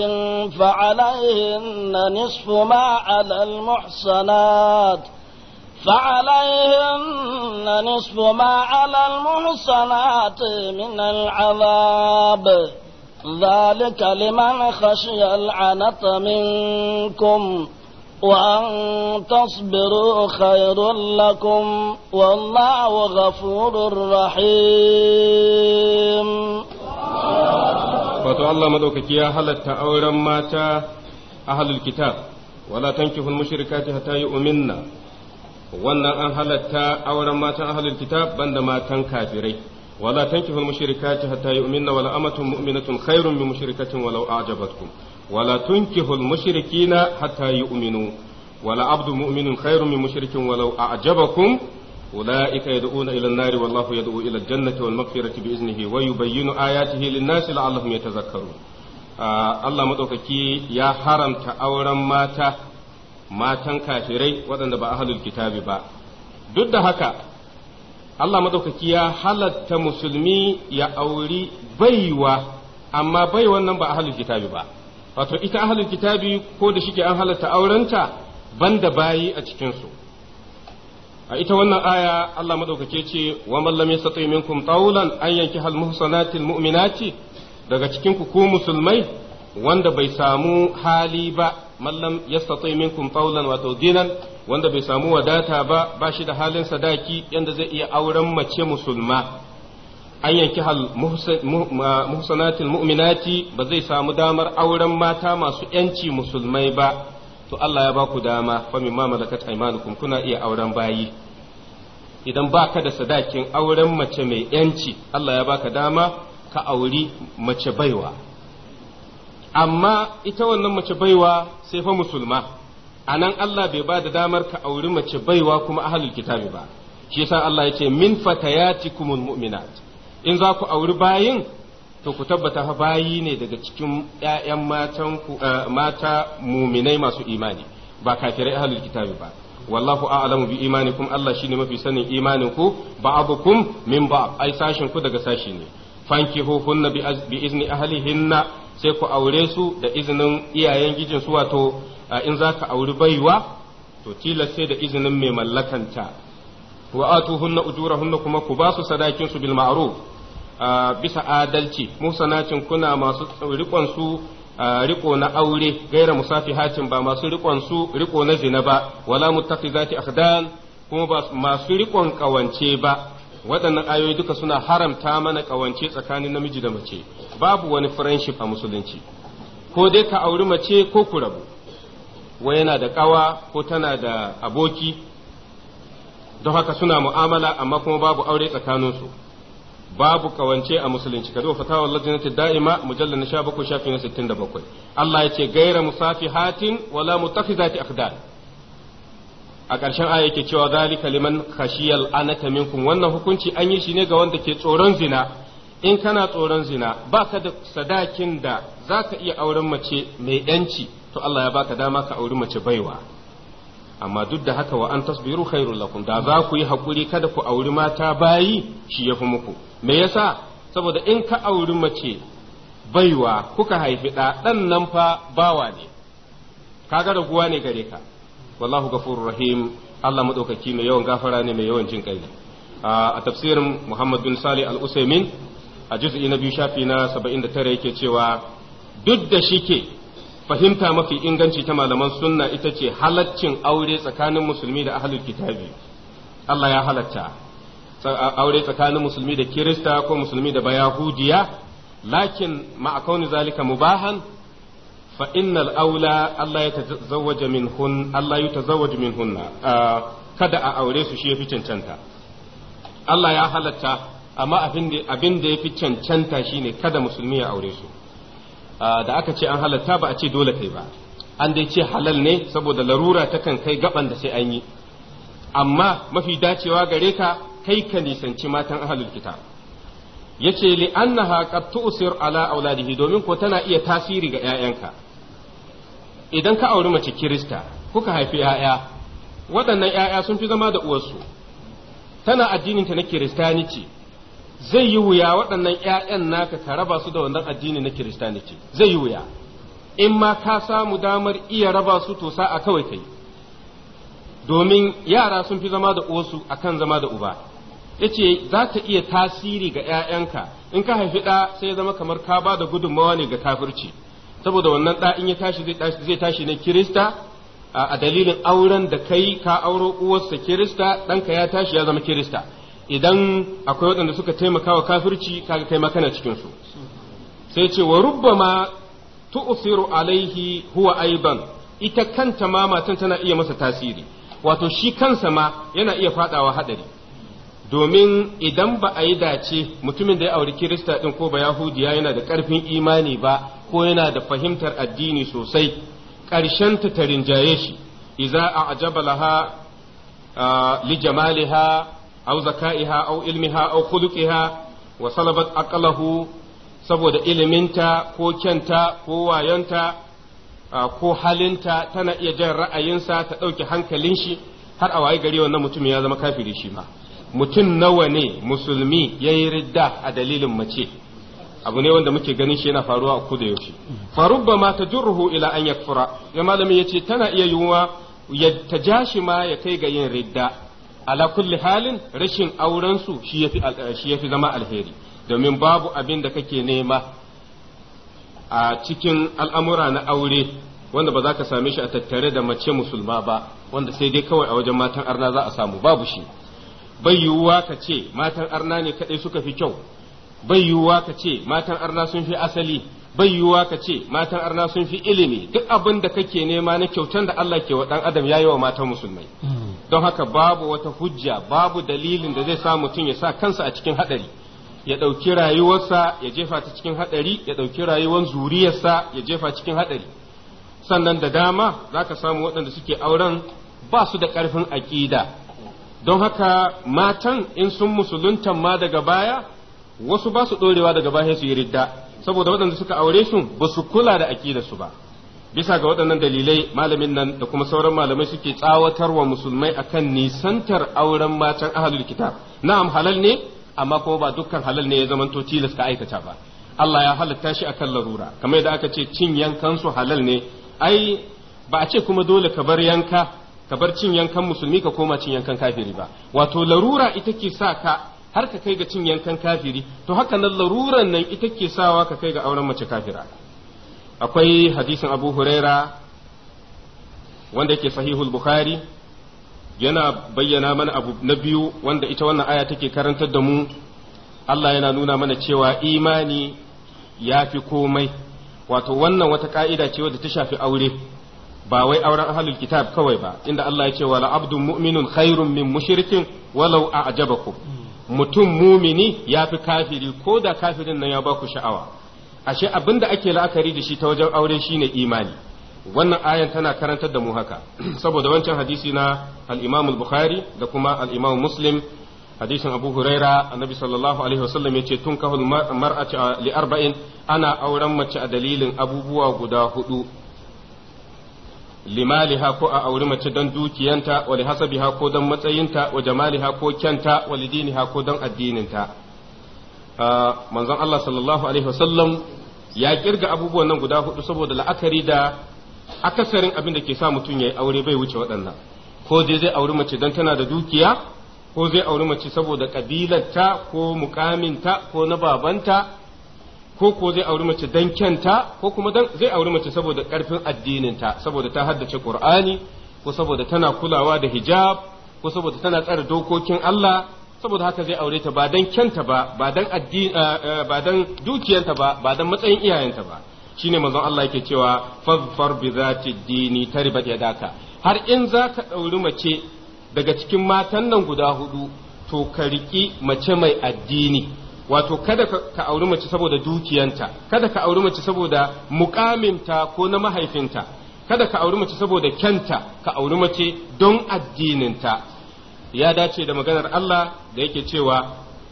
فعليهن نصف ما على المحصنات فعليهن نصف ما على المحصنات من العذاب ذلك لمن خشي العنت منكم وأن تصبروا خير لكم والله غفور رحيم فاتو الله مدوكك يا هل التأورا ماتا أهل الكتاب ولا تنكف المشركات حتى يؤمننا وأن أهل التأورا ماتا أهل الكتاب بند ما تنكافري ولا تنكف المشركات حتى يؤمننا ولا أمة مؤمنة خير من مشركة ولو أعجبتكم wala tunkihul mushrikina hatta yu'minu wala abdu mu'minun khairun min mushrikin walau a'jabakum أولئك يدعون إلى النار والله يدعو إلى الجنة والمغفرة بإذنه ويبين آياته للناس لعلهم يتذكرون Allah maɗaukaki ya ya haramta auren mata matan kafirai waɗanda ba ahalul kitabi ba duk da haka Allah maɗaukaki ya halarta musulmi ya auri baiwa amma baiwan nan ba ahalul kitabi ba wato ita ahlul kitabi ko da shike an halatta aurenta banda bayi a cikinsu. a ita wannan aya Allah madaukake ce wa man lam yastati minkum tawlan an yankihal muhsanatil mu'minati daga cikin ku ko musulmai wanda bai samu hali ba mallam yastati minkum tawlan wato dinan wanda bai samu wadata ba ba shi da halin sadaki yanda zai iya auren mace musulma an yanki hal muhsanatil mu'minati ba zai samu damar auren mata masu yanci musulmai ba to Allah ya baku dama fa ma malakat aymanukum kuna iya auren bayi idan baka da sadakin auren mace mai yanci Allah ya baka dama ka auri mace baiwa amma ita wannan mace baiwa sai fa musulma anan Allah bai ba da damar ka auri mace baiwa kuma ahlul kitabi ba shi yasa Allah yake min fatayatikumul mu'minat in za ku auri bayin to ku tabbata fa bayi ne daga cikin yayan matan eh, mata muminai masu imani ba kafirai ahlul kitabi ba wallahu a'lamu bi imanikum Allah shine mafi sanin imanin ku ba'dukum min ba'd ai sashin ku daga sashi ne hunna bi izni ahlihinna sai ku aure su da izinin iyayen gijin su wato eh, in za ka auri baiwa to tilas da izinin mai mallakanta wa atuhunna ujurahunna kuma ku ba su sadakin su bil ma'ruf bisa adalci musanacin kuna masu riƙon su riko na aure gaira musafi hacin ba masu riƙon su riko na zina ba wala muttaqizati akhdan kuma ba masu rikon kawance ba waɗannan ayoyi duka suna haramta mana kawance tsakanin namiji da mace babu wani friendship a musulunci ko dai ka auri mace ko ku rabu wai yana da ƙawa ko tana da aboki don haka suna mu'amala amma kuma babu aure tsakaninsu babu kawance a musulunci ka duba fatawar lajinati da'ima mujallar na 17 shafi na 67 Allah ya ce gaira hatin wala mutakhizati akhdan a ƙarshen aya yake cewa zalika liman khashiyal anata minkum wannan hukunci an yi shi ne ga wanda ke tsoron zina in kana tsoron zina ba ka da sadakin da zaka iya auren mace mai yanci to Allah ya baka dama ka auri mace baiwa amma duk da haka wa an tasbiru khairul lakum da za ku yi hakuri kada ku auri mata bayi shi yafi muku me yasa saboda in ka auri mace baiwa kuka haifi ɗa ɗan nan fa bawa ne kaga raguwa ne gare ka wallahu gafurur rahim Allah madaukaki mai yawan gafara ne mai yawan jin kai a tafsirin Muhammad bin Salih al-Usaimin a juz'i na biyu shafi na 79 yake cewa duk da shike fahimta mafi inganci ta malaman sunna ita ce halaccin aure tsakanin musulmi da ahlul kitabi Allah ya halatta aure tsakanin musulmi da kirista ko musulmi da bayahudiya lakin ma kauni zalika mubahan fa innal aula Allah ya tazawwaja minhun Allah ya tazawwaja minhunna kada a aure su shi yafi cancanta Allah ya halatta amma abin da yafi cancanta shine kada musulmi ya aure su da aka ce an halatta ba a ce dole kai ba an dai ce halal ne saboda larura takan kai gaban da sai an yi amma mafi dacewa gare ka kai ka nisanci matan ahalul kitab yace li annaha qad tu'sir ala auladihi domin ko tana iya tasiri ga 'ya'yanka idan ka auri mace kirista kuka haifi 'ya'ya waɗannan 'ya'ya sun fi zama da uwarsu tana addinin ta na kiristanici zai yi wuya waɗannan 'ya'yan naka ka raba su da wannan addini na kiristanici zai yi wuya in ma ka samu damar iya raba su to sa'a kawai kai domin yara sun fi zama da uwarsu akan zama da uba yace za ta iya tasiri ga 'ya'yanka in ka haifi ɗa sai ya zama kamar ka ba da gudunmawa ne ga kafirci saboda wannan ɗa in ya tashi zai tashi ne kirista a dalilin auren da kai ka auro uwarsa kirista ɗanka ya tashi ya zama kirista idan akwai waɗanda suka taimaka wa kafirci kaga kai makana su sai ce wa rubbama tu'siru alaihi huwa aiban ita kanta ma matan tana iya masa tasiri wato shi kansa ma yana iya fadawa hadari domin idan ba a yi dace mutumin da ya auri kirista din ko ba yahudiya yana da ƙarfin imani ba ko yana da fahimtar addini sosai ƙarshen ta rinjaye shi iza a ajaba laha li jamaliha aw zaka'iha aw ilmiha aw khuluqiha wa salabat aqlahu saboda iliminta ko kyanta ko wayonta ko halinta tana iya jan ra'ayinsa ta ɗauke hankalin shi har a waye gari wannan mutum ya zama kafiri shi ma mutum nawa ne musulmi ya yi ridda a dalilin mace abu ne wanda muke ganin shi yana faruwa a kuda yaushe farubba ma ta jurruhu ila an yakfura ya malami tana iya yiwuwa ya ta ja shi ma ya kai ga yin ridda ala kulli halin rashin aurensu shi yafi fi zama alheri domin babu abin da kake nema a cikin al'amura na aure wanda ba za ka same shi a tattare da mace musulma ba wanda sai dai kawai a wajen matan arna za a samu babu shi bai yiwuwa ka ce matan arna ne kaɗai suka fi kyau bai yiwuwa ka ce matan arna sun fi asali bai yiwuwa ka ce matan arna sun fi ilimi duk abin da kake nema na kyautan da Allah ke wa dan adam yayi wa matan musulmai don haka babu wata hujja babu dalilin da zai sa mutum ya sa kansa a cikin hadari ya ɗauki rayuwarsa ya jefa ta cikin hadari ya ɗauki rayuwar zuriyarsa ya jefa cikin hadari sannan da dama zaka samu waɗanda suke auren ba su da ƙarfin aƙida don haka matan in sun musuluntan ma daga baya wasu ba su ɗorewa daga baya su yi ridda saboda waɗanda suka aure su ba su kula da aƙidarsu ba bisa ga waɗannan dalilai malamin nan da kuma sauran malamai suke tsawatarwa musulmai akan nisantar auren matan ahalul kitab na'am halal ne amma kuma ba dukkan halal ne ya zamanto tilas ka aikata ba Allah ya halatta shi akan larura kamar yadda aka ce cin yankan su halal ne ai ba a ce kuma dole ka bar yanka ka bar cin yankan musulmi ka koma cin yankan kafiri ba wato larura ita ke sa ka har ka kai ga cin yankan kafiri to haka nan laruran nan ita ke sawa ka kai ga auren mace kafira akwai hadisin abu huraira wanda yake sahihul bukhari yana bayyana mana abu na biyu wanda ita wannan aya take karantar da mu Allah yana nuna mana cewa imani ya fi komai wato wannan wata ka'ida ce wadda ta shafi aure ba wai auren ahlul kitab kawai ba inda Allah ya ce wala abdun mu'minun khairun min mushrikin walau ajabaku mutum mumini ya fi kafiri ko da kafirin nan ya ba ku sha'awa ashe abin da ake la'akari da shi ta wajen aure shine imani wannan ayan tana karantar da mu haka saboda wancan hadisi na al-Imam al-Bukhari da kuma al-Imam Muslim hadisin Abu Huraira annabi sallallahu alaihi wasallam yace tun kahul mar'ati li arba'in ana auren mace a dalilin abubuwa guda hudu limaliha ko a auri mace don dukiyanta wa hasabiha ko don matsayinta wa jamaliha ko kyanta wa lidiniha ko don addininta ah, manzon Allah sallallahu alaihi wasallam ya kirga abubuwan nan guda hudu saboda la'akari da akasarin abin da ke sa mutum ya yi aure bai wuce waɗannan ko dai zai auri mace don tana da dukiya ko zai auri mace saboda ƙabilarta ko mukaminta ko na babanta ko ko zai auri mace dan kyanta ko kuma dan zai auri mace saboda karfin addininta saboda ta haddace Qur'ani ko saboda tana kulawa da hijab ko saboda tana tsare dokokin Allah saboda haka zai aure ta ba dan kyanta ba ba dan eh, eh, ba dan dukiyanta ba ba dan matsayin iyayenta ba shine manzon Allah yake cewa fazfar bi zati dini taribat yadaka har in za ka dauri mace daga cikin matan nan guda hudu to ka riki mace mai addini wato kada ka auri mace saboda dukiyanta kada ka auri mace saboda mukaminta ko na mahaifinta kada ka auri mace saboda kyanta ka auri mace don addininta ya dace da maganar Allah da yake cewa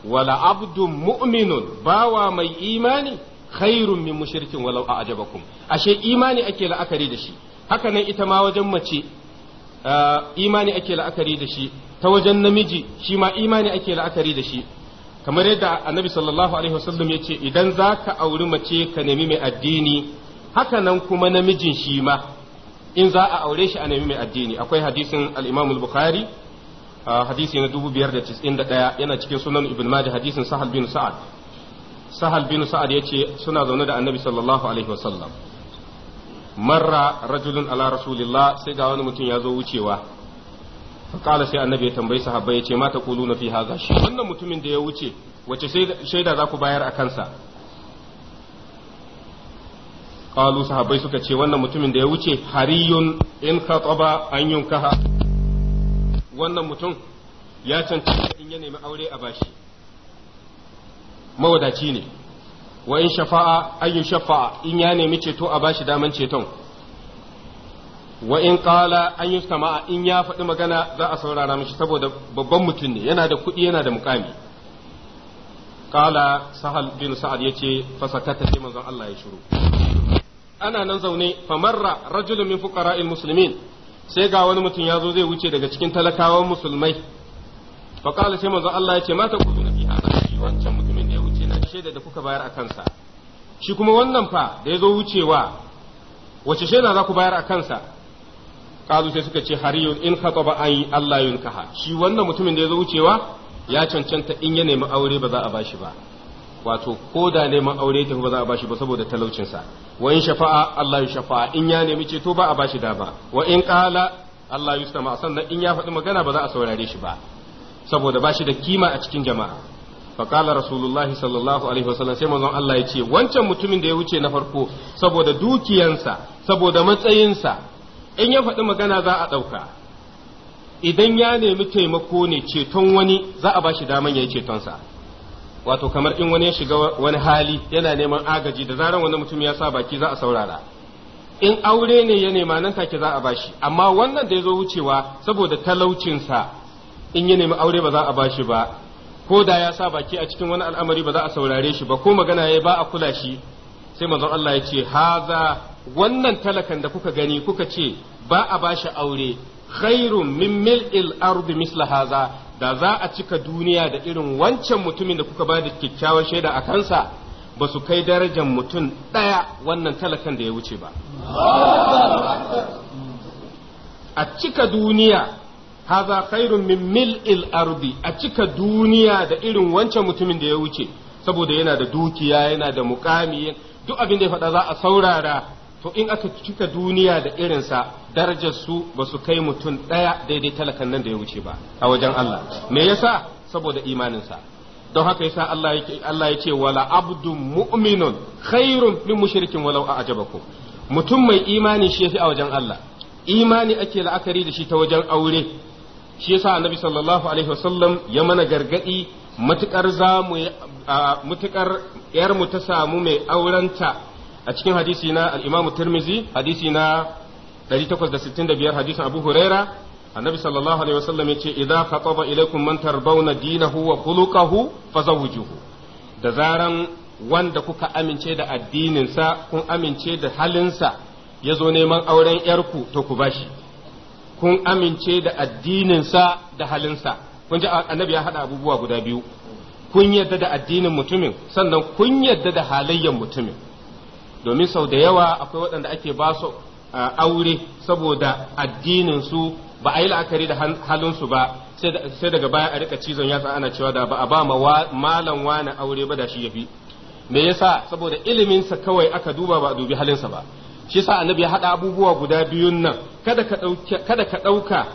wala abdu mu'minun bawa mai imani khairun min mushrikin walau a'jabakum ashe imani ake la'akari da shi haka nan ita ma wajen mace ah, imani ake la'akari da shi ta wajen namiji shi ma imani ake la'akari da shi kamar yadda annabi sallallahu alaihi wasallam ya ce idan za ka auri mace ka nemi mai addini haka nan kuma namijin shi ma in za a aure shi a nemi mai addini akwai hadisin al-imam al-bukhari hadisi na ɗaya yana cikin sunan ibn majah hadisin sahal bin sa'ad sahal bin sa'ad ce suna zaune da annabi sallallahu alaihi wasallam marra rajulun ala rasulillah sai ga wani mutum ya zo wucewa fakala sai annabi ya tambayi sahabbai ya ce mata kulu na fi haza shi wannan mutumin da ya wuce wace shaida za ku bayar a kansa kalu sahabbai suka ce wannan mutumin da ya wuce hariyun in khataba an yunkaha wannan mutum ya cancanta in ya nemi aure a bashi mawadaci ne wa in shafa'a ayyun shafa'a in ya nemi ceto a bashi daman ceton wa in qala an yustama in ya faɗi magana za a saurara mishi saboda babban mutum ne yana da kuɗi yana da mukami qala sahal bin sa'ad yace fa sakata sai manzon Allah ya shiru ana nan zaune famarra rajulun min fuqara'il muslimin sai ga wani mutum ya zo zai wuce daga cikin talakawan musulmai fa qala sai manzon Allah ya ce mata ku na fi hada wancan mutumin da ya wuce na shaida da kuka bayar a kansa shi kuma wannan fa da ya zo wucewa wace shaida za ku bayar a kansa qalu sai suka ce hariyun in khataba an Allah yunkaha shi wannan mutumin da ya zo wucewa ya cancanta in ya nemi aure ba za a bashi ba wato ko da neman aure ta ba za a bashi ba saboda talaucin sa wa in shafa'a Allah ya shafa'a in ya nemi ceto ba a bashi ba wa in qala Allah yustama sannan in ya faɗi magana ba za a saurare shi ba saboda ba shi da kima a cikin jama'a faƙala rasulullahi sallallahu alaihi wasallam sai manzon Allah ya ce wancan mutumin da ya wuce na farko saboda dukiyansa saboda matsayinsa in ya faɗi magana za a ɗauka idan ya nemi taimako ne ceton wani za a ba shi daman ya yi cetonsa wato kamar in wani ya shiga wani hali yana neman agaji da zaran wani mutum ya sa baki za a saurara in aure ne ya nema nan take za a ba shi amma wannan da ya zo wucewa saboda talaucinsa in ya nemi aure ba za a ba shi ba ko da ya sa baki a cikin wani al'amari ba za a saurare shi ba ko magana ya ba a kula shi sai manzon Allah ya ce haza wannan talakan da kuka gani kuka ce ba a bashi aure khairun min mil'il ardi misla haza da za a cika duniya da irin wancan mutumin da kuka ba da kyakkyawar shaida a kansa ba su kai darajar mutum ɗaya wannan talakan da ya wuce ba a cika duniya haza khairun min mil'il ardi a cika duniya da irin wancan mutumin da ya wuce saboda yana da dukiya yana da mukami duk abin da ya faɗa za a saurara to in aka cika duniya da irinsa darajar su ba su kai mutum ɗaya daidai talakan nan da ya wuce ba a wajen Allah me yasa saboda imaninsa don haka yasa Allah yake Allah ya ce wala abdun mu'minun khairun min mushrikin walau ajabako. mutum mai imani shi yafi a wajen Allah imani ake la'akari da shi ta wajen aure shi yasa annabi sallallahu alaihi wasallam ya mana gargadi matukar zamu mutukar yar mu ta samu mai aurenta a cikin hadisi na al-Imam Tirmidhi hadisi na 865 hadisin Abu Huraira annabi sallallahu alaihi wasallam yace idza khataba ilaykum man tarbawna dinahu wa khuluquhu fazawwijuhu da zaran wanda kuka amince da addininsa kun amince da halinsa ya zo neman auren yarku to ku bashi kun amince da addininsa da halinsa kun ji annabi ya hada abubuwa guda biyu kun yadda da addinin mutumin sannan kun yadda da halayyar mutumin domin sau da yawa akwai waɗanda ake ba su aure saboda addinin su ba a yi la'akari da halinsu ba sai daga baya a rika cizon yatsa ana cewa da ba a ba ma malam wani aure ba da shi fi. me yasa saboda iliminsa kawai aka duba ba a dubi halinsa ba shi sa annabi ya haɗa abubuwa guda biyun nan kada ka ɗauka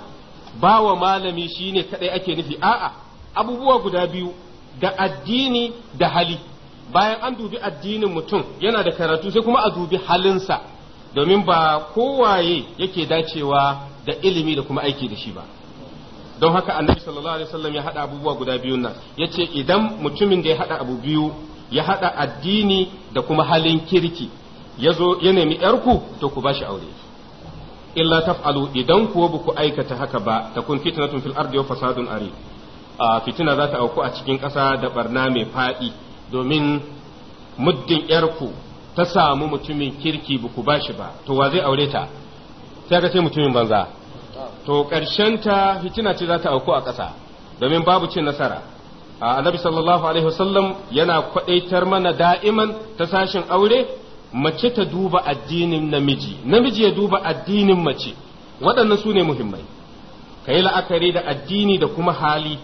ba wa malami shine kaɗai ake nufi a'a abubuwa guda biyu da addini da hali bayan an dubi addinin mutum yana da karatu sai kuma a dubi halinsa domin ba kowaye yake dacewa da ilimi da kuma aiki da shi ba don haka annabi sallallahu alaihi wasallam ya hada abubuwa guda biyun nan yace idan mutumin da ya hada abu biyu ya hada addini da kuma halin kirki yazo ya nemi yarku to ku bashi aure illa taf'alu idan kuwa ba ku aikata haka ba takun fitnatun fil ardi wa fasadun ari fitina za ta auku a cikin ƙasa da barna mai faɗi domin muddin yarku ta samu mutumin kirki ba ku bashi ba to wa zai aure ta sai ka ce mutumin banza to ta fitina ce za ta auku a ƙasa domin babu cin nasara a annabi sallallahu alaihi wasallam yana kwadaitar mana da'iman ta sashin aure mace ta duba addinin namiji namiji ya duba addinin mace waɗannan su ne muhimmai ka yi la'akari da addini da kuma hali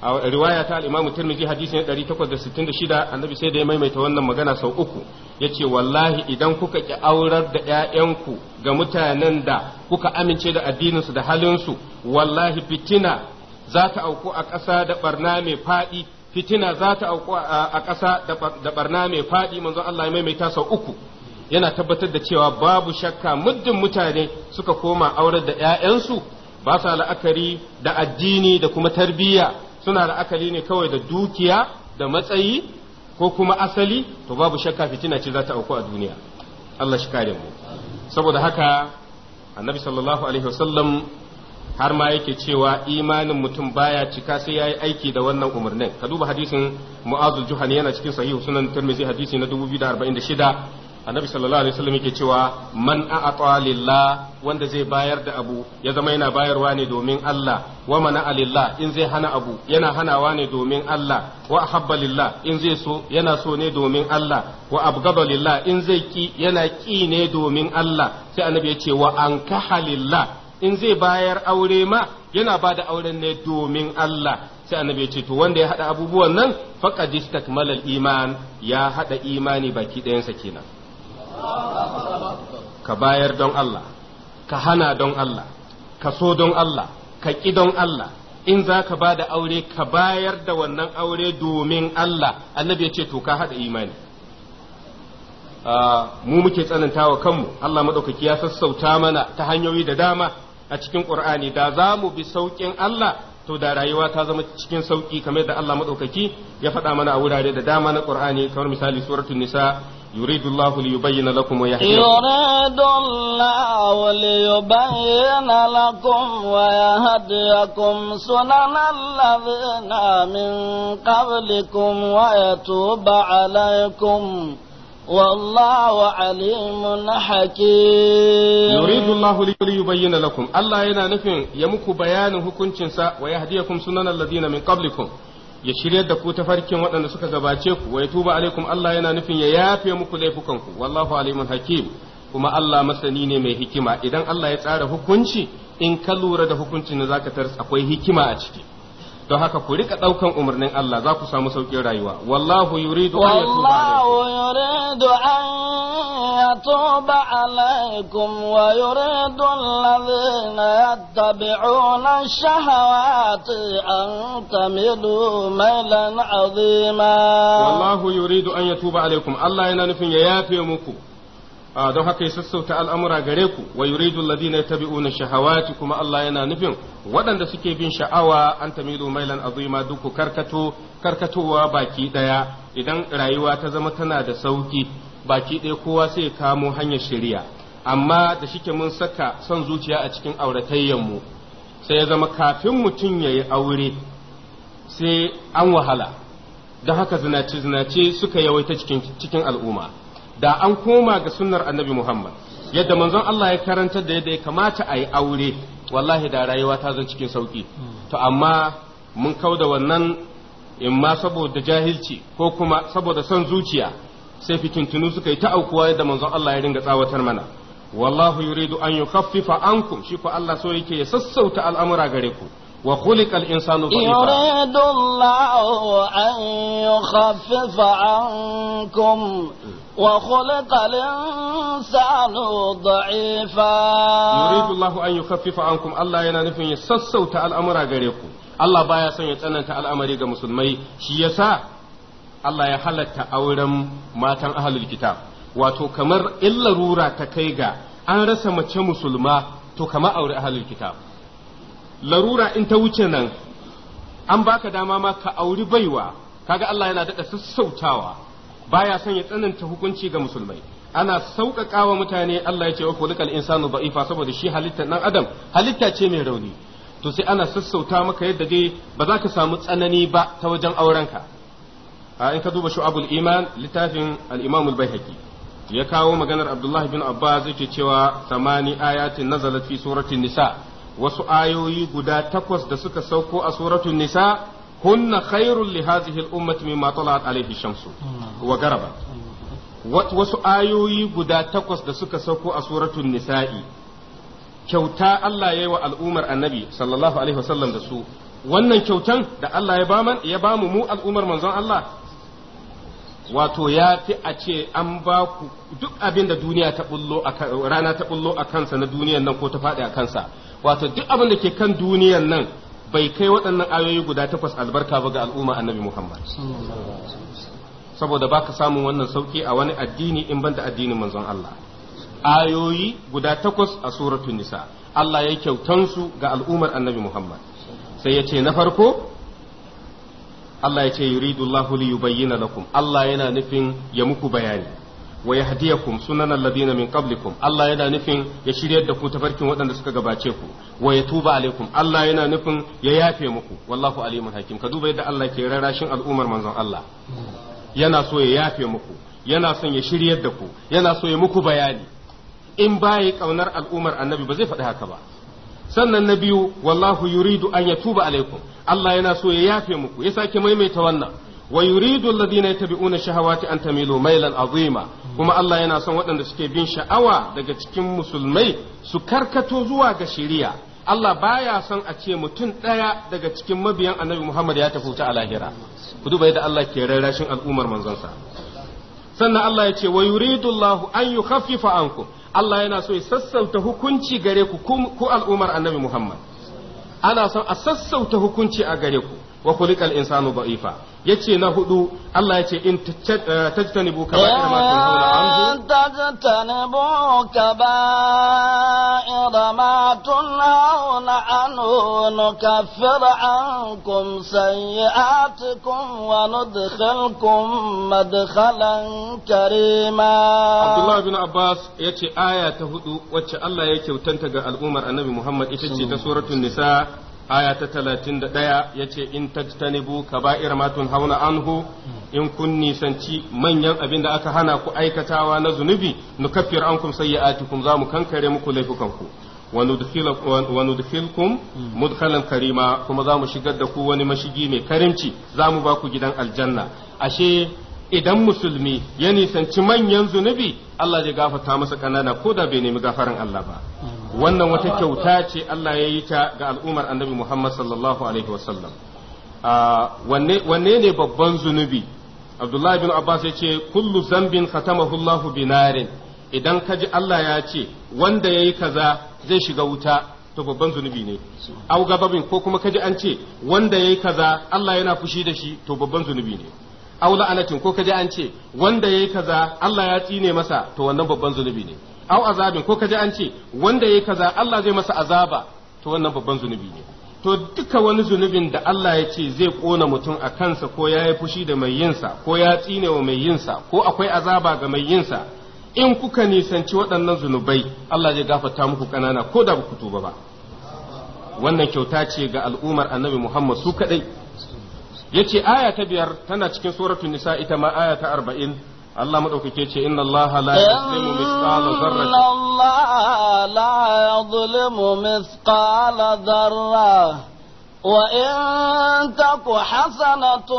a riwaya ta al-Imam Tirmidhi hadisi ne 866 annabi sai da ya maimaita wannan magana sau uku yace wallahi idan kuka ki aurar da ƴaƴanku ga mutanen da kuka amince da addinin su da halin su wallahi fitina za ta auku a ƙasa da barna mai faɗi fitina za ta auku a ƙasa da barna mai faɗi manzon Allah ya maimaita sau uku yana tabbatar da cewa babu shakka muddin mutane suka koma aurar da ƴaƴansu ba sa la'akari da addini da kuma tarbiyya suna akali ne kawai da dukiya da matsayi ko kuma asali to babu shakka fitina ce za ta auku a duniya Allah shi kare mu saboda haka annabi sallallahu alaihi wasallam har ma yake cewa imanin mutum baya cika sai yayi aiki da wannan umarnin ka duba hadisin mu'azul juhani yana cikin sahihu sunan tirmidhi hadisi na 2046 annabi sallallahu alaihi wasallam yake cewa man a'ata lillah wanda zai bayar da abu ya zama yana bayarwa ne domin Allah wa mana lillah in zai hana abu yana hanawa ne domin Allah wa ahabba lillah in zai so yana so ne domin Allah wa abgaba lillah in zai ki yana ki ne domin Allah sai annabi ya ce wa ankaha lillah in zai bayar aure ma yana ba da auren ne domin Allah sai annabi ya ce to wanda ya hada abubuwan nan faqad istakmala iman ya hada imani baki ɗayansa kenan ka bayar don Allah ka hana don Allah ka so don Allah ka ƙi don Allah in za ka ba da aure ka bayar da wannan aure domin Allah annabi ya ce to ka haɗa imani ah, mu muke tsananta wa kanmu Allah maɗaukaki ya sassauta mana ta hanyoyi da dama a cikin ƙur'ani da za mu bi sauƙin Allah to da rayuwa ta zama cikin sauƙi kamar da Allah maɗaukaki ya faɗa mana a wurare da dama na ƙur'ani kamar misali suratul nisa يريد الله ليبين لكم ويهديكم يريد الله ليبين لكم ويهديكم سنن الذين من قبلكم ويتوب عليكم والله عليم حكيم يريد الله ليبين لكم الله ينا نفين يمك بيان حكمتنسا ويهديكم سنن الذين من قبلكم ya shiryar da ku tafarkin waɗanda suka gabace ku wa tuba alaikum Allah yana nufin ya yafe muku laifukanku wallahu alimun hakim kuma Allah masani ne mai hikima idan Allah ya tsara hukunci in ka lura da hukuncin da zaka tars akwai hikima a ciki don haka ku rika daukan umarnin Allah za ku samu saukin rayuwa wallahu yuridu an yatuba wallahu يتوب عليكم ويريد الذين يتبعون الشهوات أن تميلوا ميلا عظيما والله يريد أن يتوب عليكم الله ينفي يافي مكو don haka ya sassauta al'amura gare ku wa yuridu alladhina yattabi'una shahawati kuma Allah yana nufin waɗanda suke bin sha'awa an tamilu mailan azima duk ku karkato karkatowa baki ɗaya idan rayuwa ta zama tana da sauki baki ɗaya kowa sai ya kamo hanyar shari'a amma da shike mun saka son zuciya a cikin auratayyanmu sai ya zama kafin mutum ya yi aure sai an wahala don haka zinace-zinace suka yawaita cikin al'umma da an koma ga sunnar annabi muhammad yadda manzon Allah ya karantar da yadda ya kamata a yi aure wallahi da rayuwa ta zan cikin sauki to amma mun kau da wannan in ma saboda jahilci ko kuma saboda son zuciya sai fitintunu suka yi ta aukuwa yadda manzon Allah ya ringa tsawatar mana wallahu yuridu an yukhaffifa ankum shi ko Allah so yake ya sassauta al'amura gare ku wa khuliqal insanu da'ifa yuridu Allahu an yukhaffifa ankum wa khuliqal insanu da'ifa yuridu Allahu an yukhaffifa ankum Allah yana nufin ya sassauta al'amura gare ku Allah baya son ya tsananta al'amari ga musulmai shi yasa Allah ya halatta auren matan ahalul kitab wato kamar in larura ta kai ga an rasa mace musulma to kama aure ahalul kitab larura in ta wuce nan an baka dama ma ka auri baiwa kaga Allah yana daɗa sassautawa baya son ya tsananta hukunci ga musulmai ana sauƙaƙa wa mutane Allah ya ce wa kulikal insanu da'ifa saboda shi halitta nan adam halitta ce mai rauni to sai ana sassauta maka yadda dai ba za ka samu tsanani ba ta wajen aurenka a in ka duba shu'abul iman littafin al-imam al-baihaqi ya kawo maganar abdullah bin abbas yake cewa samani ayatin nazalat fi suratul nisa wasu ayoyi guda takwas da suka sauko a suratul nisa hunna khairul li hadhihi al-ummati mimma talat alayhi shamsu wa garaba wasu ayoyi guda takwas da suka sauko a suratul nisa'i kyauta Allah ya yi wa al'ummar annabi sallallahu alaihi wasallam da su wannan kyautan da Allah ya bamu mu al'ummar manzon Allah wato ya fi a ce an ba ku duk abin da duniya ta bullo rana ta bullo a kansa na duniyan nan ko ta faɗi a kansa wato duk abin da ke kan duniyan nan bai kai waɗannan ayoyi guda takwas albarka ba ga al'umma annabi Muhammad saboda baka samun wannan sauki a wani addini in banda addinin manzon Allah ayoyi guda takwas a suratun nisa Allah ya kyautan su ga al'ummar annabi Muhammad sai ya ce na farko Allah ya ce yuridullahu li yubayyana lakum Allah yana nufin ya muku bayani wa yahdiyakum sunan alladhina min qablikum Allah yana nufin ya shiryar da ku tafarkin waɗanda suka gabace ku wa yatuba alaikum Allah yana nufin ya yafe muku wallahu alimun hakim ka duba yadda Allah ke rarashin al'ummar manzon Allah yana so ya yafe muku yana son ya shiryar da ku yana so ya muku bayani in baya kaunar al'ummar annabi ba zai faɗi haka ba sannan na biyu wallahu yuridu an ya tuba alaikum Allah yana so ya yafe muku ya sake maimaita wannan wa yuridu alladhina yattabi'una shahawati an tamilu mailan azima kuma Allah yana son waɗanda suke bin sha'awa daga cikin musulmai su karkato zuwa ga shari'a Allah baya son a ce mutum ɗaya daga cikin mabiyan annabi Muhammad ya tafi ta alahira ku duba yadda Allah ke rarrashin al'ummar manzonsa sannan Allah ya ce wa yuridu Allahu an yukhaffifa ankum Allah yana so ya sassauta hukunci gare ku ku al'ummar annabi Muhammad ana son a sassauta hukunci a gare ku wa kulikal insanu da'ifa yace na hudu Allah yace in eh, tajtanibu kaba'ira ma kaba'ira ma tunhauna anhu nukaffir ankum sayyi'atikum wa nudkhilkum madkhalan karima Abdullah bin Abbas yace aya ta hudu wacce Allah ya kyautanta ga al'ummar Annabi Muhammad ita ce ta hmm. suratul Nisa aya ta talatin da ɗaya ya ce in tajtanibu kaba'ir matun hauna anhu in kun nisanci manyan abin da aka hana ku aikatawa na zunubi nukaffir ankum sayyi'atikum za mu kankare muku laifukanku wa nudkhilkum mudkhalan karima kuma za mu shigar da ku wani mashigi mai karimci za mu ba ku gidan aljanna ashe idan musulmi ya nisanci manyan zunubi Allah zai gafarta masa kanana ko da bai nemi gafaran Allah ba wannan wata kyauta ce Allah ya yi ta ga al'ummar annabi Muhammad sallallahu alaihi wasallam wanne wanne ne babban zunubi Abdullah bin Abbas ya ce kullu zambin khatamahu Allah binarin idan ka ji Allah ya ce wanda yayi kaza zai shiga wuta to babban zunubi ne au gababin ko kuma ka ji an ce wanda yayi kaza Allah yana fushi da shi to babban zunubi ne aw la'anatin ko kaji an ce wanda yayi kaza Allah ya tsine masa to wannan babban zunubi ne aw azabin ko kaji an ce wanda yayi kaza Allah zai masa azaba to wannan babban zunubi ne to duka wani zunubin da Allah ya ce zai kona mutum a kansa ko ya yi fushi da mai yinsa ko ya tsine wa mai yinsa ko akwai azaba ga mai yinsa in kuka nisanci waɗannan zunubai Allah zai gafarta muku ƙanana ko da ku tuba ba wannan kyauta ce ga al'ummar annabi Muhammad su kaɗai yace aya ta biyar tana cikin suratul nisa ita ma aya ta 40 Allah madaukake ce inna Allah la yuzlimu mithqala dharratin Allah la yuzlimu mithqala dharratin وإن تك حسنة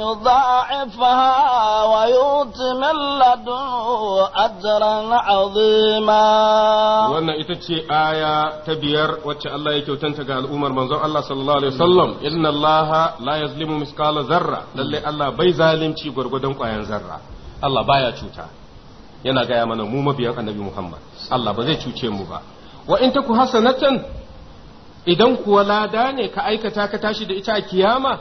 يضاعفها ويؤت من لدنه أجرا عظيما وانا itace aya ta biyar wacce Allah ya kyautanta ga al'ummar manzon Allah sallallahu alaihi wasallam inna Allah la yazlimu misqala zarra Lallai Allah bai zalunci gwargwadon kwayan zarra Allah baya cuta yana gaya mana mu mabiyan annabi Muhammad Allah ba zai cuce mu ba wa in taku idan kuwa lada ne ka aikata ka tashi da ita a kiyama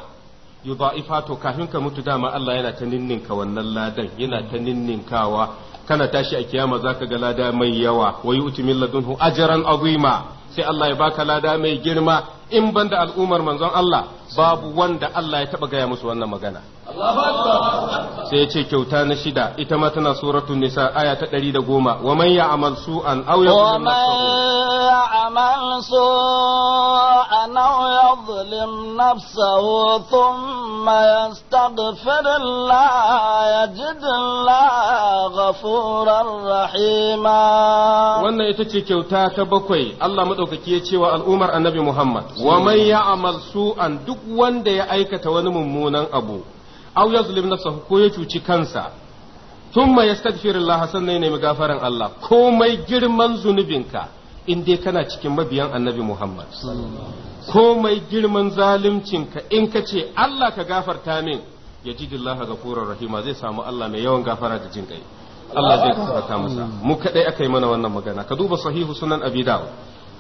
yudha'ifa to kafin ka mutu dama Allah yana ta ninninka wannan ladan yana ta ninninkawa kana tashi a kiyama za ka ga lada mai yawa wa yu'ti min ladunhu ajran azima sai Allah ya baka lada mai girma in banda al'umar manzon Allah babu wanda Allah ya taba gaya musu wannan magana sai ce kyauta na shida ita ma tana suratul nisa aya ta 110 wa man ya'mal su'an aw yadhlim su'an aw yadhlim nafsahu thumma yastaghfir Allah yajid Allah ghafurar rahima wannan ita ce kyauta ta bakwai Allah madaukaki ya ce wa al'umar annabi Muhammad wa man su an duk duk wanda ya aikata wani mummunan abu aw yazlim nafsahu ko ya cuci kansa thumma yastaghfirullah sannan ne gafaran Allah komai girman zunubin ka in dai kana cikin mabiyan annabi Muhammad komai girman zalimcinka in ka ce Allah ka gafarta min ga ghafurur rahima zai samu Allah mai yawan gafara da jin kai Allah zai gafarta masa mu kadai aka yi mana wannan magana ka duba sahihu sunan abi dawud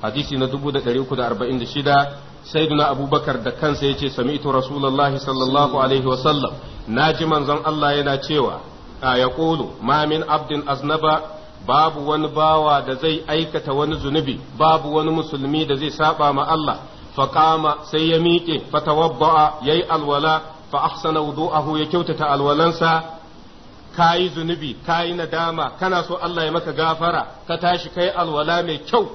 hadisi na 1346 Saidina abubakar da kansa yace sami'tu rasulullahi sallallahu alaihi wasallam naji manzon Allah yana cewa a yaqulu ma abdin aznaba babu wani bawa da zai aikata wani zunubi babu wani musulmi da zai saɓa ma Allah faqama sai ya miƙe fatawabba'a yayi alwala fa ahsana wudu'ahu ya kyautata alwalansa kayi zunubi kayi nadama kana so Allah ya maka gafara ka tashi kai alwala mai kyau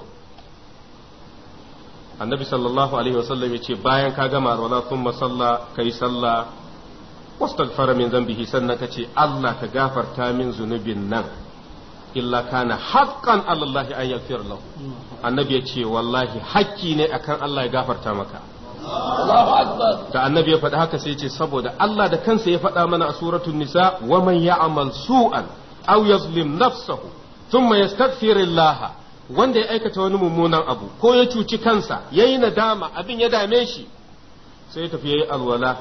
annabi sallallahu alaihi wasallam ya ce bayan ka gama alwala sun masalla ka yi sallah wastaghfara min zambihi sannan ka ce Allah ka gafarta min zunubin nan illa kana haqqan alallahi an yaghfir lahu annabi ya ce wallahi hakki ne akan Allah ya gafarta maka da annabi ya faɗi haka sai ya ce saboda Allah da kansa ya faɗa mana a suratun nisa wa man ya'mal su'an aw yazlim nafsahu thumma yastaghfirillah wanda ya aikata wani mummunan abu ko ya cuci kansa ya yi nadama abin ya dame shi sai ya tafi ya yi alwala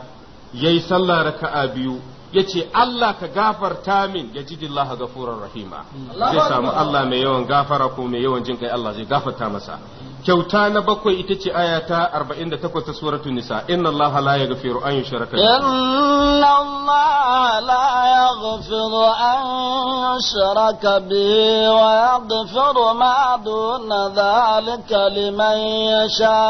ya yi sallah raka'a biyu ya ce Allah ka gafarta min ya ji dillah gafuran rahima zai samu Allah mai yawan gafara ko mai yawan jin kai Allah zai gafarta masa kyauta na bakwai ita ce aya ta 48 ta suratul nisa inna allaha la yaghfiru an yushraka inna allaha la yaghfiru an yushraka bihi wa yaghfiru ma duna dhalika liman yasha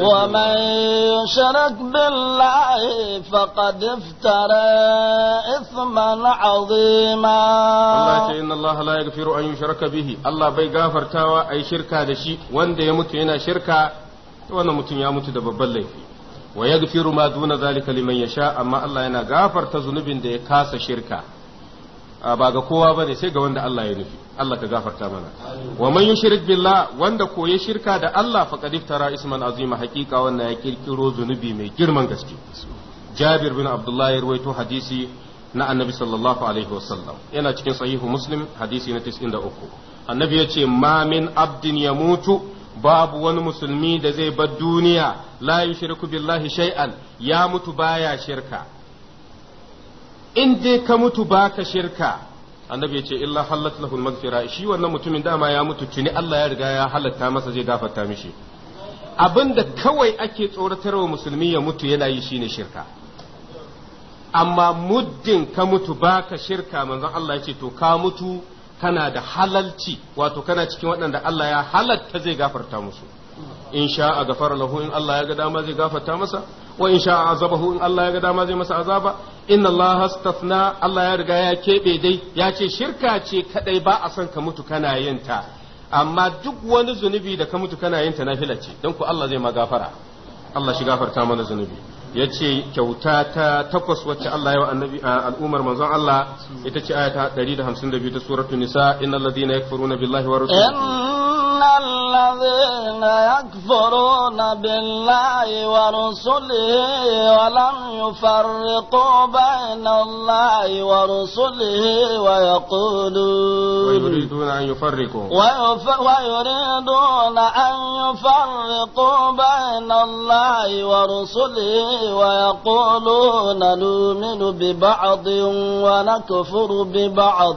wa man yushrik billahi faqad iftara ithman azima Allah ce inna allaha la yaghfiru an yushraka bihi Allah bai gafartawa ai shirka da shi wanda ya mutu yana shirka wannan mutum ya mutu da babban laifi wa yaghfiru ma duna zalika liman yasha amma Allah yana gafarta zunubin da ya kasa shirka ba ga kowa bane sai ga wanda Allah ya nufi Allah ka gafarta mana wa man yushrik billah wanda ko ya shirka da Allah faqad iftara isman azima haqiqa wannan ya kirkiro zunubi mai girman gaske Jabir bin Abdullah ya ruwaito hadisi na Annabi sallallahu alaihi wasallam yana cikin sahihu Muslim hadisi na 93 annabi ya ce ma min abdin ya mutu babu wani musulmi da zai bar duniya la yushriku billahi shay'an ya mutu baya shirka in dai ka mutu baka shirka annabi ya ce illa halat lahul maghfira shi wannan mutumin dama ya mutu tuni Allah ya riga ya halatta masa zai gafarta mishi abinda kawai ake tsoratarwa musulmi ya mutu yana yi shine shirka amma muddin ka mutu baka shirka manzon Allah ya ce to ka mutu kana da halalci wato kana cikin waɗanda Allah ya halatta zai gafarta musu in sha a gafara lahu in Allah ya ga dama zai gafarta masa wa in sha a azabahu in Allah ya ga dama zai masa azaba inna Allah hastafna Allah ya riga ya kebe dai ya ce shirka ce kadai ba a son ka mutu kana yin ta amma duk wani zunubi da ka mutu kana yin ta na ce don ku Allah zai ma gafara Allah shi gafarta mana zunubi ya ce kyauta ta takwas wacce Allah ya wa annabi al'ummar manzon Allah ita ce ayata 152 ta suratu nisa innal ladhina yakfuruna billahi wa rasulihi innal ladhina yakfuruna يؤمنون بالله ورسله ولم يفرقوا بين الله ورسله ويقولون ويريدون أن يفرقوا ويف... ويريدون أن يفرقوا بين الله ورسله ويقولون نؤمن ببعض ونكفر ببعض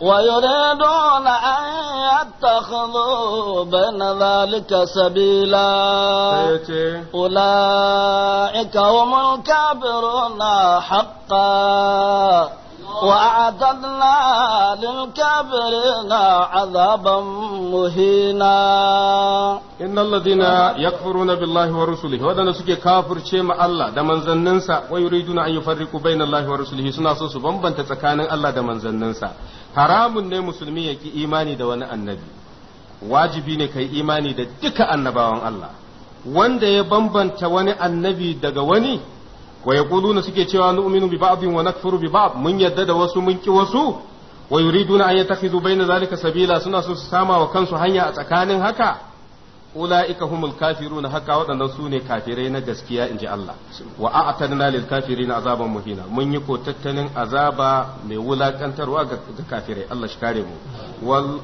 ويريدون أن يتخذوا بين ذلك سبيلا أولئك هم الكافرون حقا وأعددنا للكافرين عذابا مهينا إن الذين يكفرون بالله ورسله هذا نسكي كافر شيم الله دمن من زننسا ويريدون أن يفرقوا بين الله ورسله سنة سوسو بمبن تتكان الله دمن من زننسا haramun ne musulmi ya ki imani da wani annabi wajibi ne ka yi imani da duka annabawan Allah wanda ya bambanta wani annabi daga wani wa yaquluna suke cewa nu'minu bi ba'dhin wa nakfuru bi ba'd mun yadda da wasu mun ki wasu wa yuriduna an yatakhizu bayna zalika sabila suna so su sama wa kansu hanya a tsakanin haka Wulaika humul kafiruna haka waɗannan sune ne kafirai na gaskiya in ji Allah wa a'tadna lil kafirina azaban muhina mun ko tattalin azaba mai wulakantarwa ga kafirai Allah shi kare mu والذين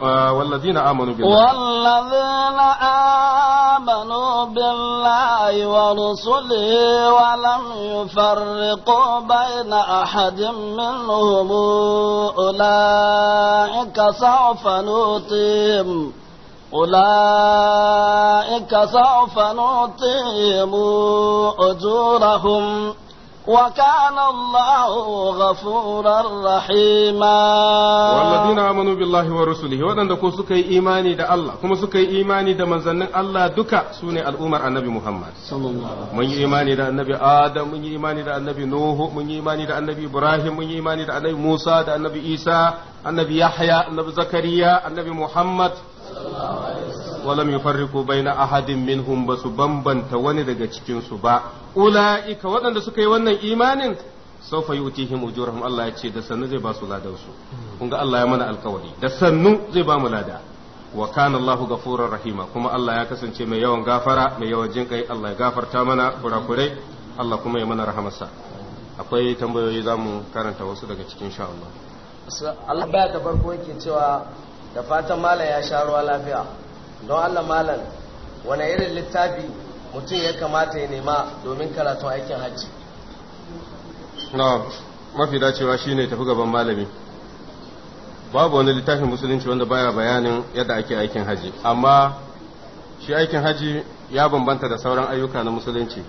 آمنوا بالله والذين آمنوا بالله ورسله ولم يفرقوا بين أحد منهم أولئك سوف نؤتيهم أولئك سوف نعطيهم أجورهم وكان الله غفورا رحيما والذين آمنوا بالله ورسله ودن دكو سكي إيماني دا الله كما سكي إيماني دا من زنن الله دكا سوني الأمر النبي محمد صلى الله عليه وسلم من إيماني دا النبي آدم من إيماني دا النبي نوح من إيماني دا النبي إبراهيم من إيماني دا النبي موسى دا النبي إيسى النبي يحيى النبي زكريا النبي محمد walam yufarriqu baina ahadin minhum su bambanta wani daga cikin su ba ulaika waɗanda suka yi wannan imanin sawfa yutihim ujurahum Allah ya ce da sannu zai ba su ladan su kun ga Allah ya mana alkawari da sannu zai ba mu lada wa kana Allahu gafurar rahima kuma Allah ya kasance mai yawan gafara mai yawan jinkai Allah ya gafarta mana kurakurai Allah kuma ya mana rahamarsa akwai tambayoyi zamu karanta wasu daga cikin sha Allah Allah baya ta farko yake cewa da fatan malam ya sha ruwa lafiya don allah malam wani irin littafi mutum ya kamata ya nema domin karatun aikin hajji na mafi dacewa shine tafi gaban malami babu wani littafin musulunci wanda baya bayanin yadda ake aikin haji amma shi aikin hajji ya bambanta da sauran ayyuka na musulunci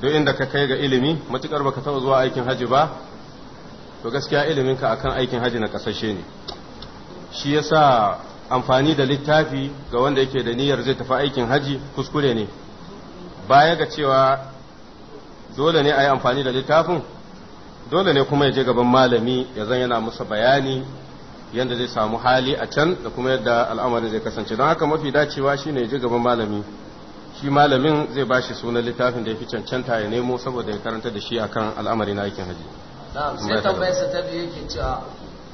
duk inda ka kai ga ilimi matukar baka taɓa zuwa aikin haji ba to gaskiya iliminka akan aikin hajji na kasashe ne shi ya sa amfani da littafi ga wanda yake da niyyar zai tafi aikin haji kuskure ne baya ga cewa dole ne a yi amfani da littafin dole ne kuma ya je gaban malami ya zan yana musa bayani yadda zai samu hali a can da kuma yadda al'amarin zai kasance don haka mafi dacewa ne ya je gaban malami shi malamin zai ba shi sunan littafin da ya fi cancanta ya nemo saboda ya karanta da shi akan al'amari na aikin haji sai tambayarsa ta biyu yake cewa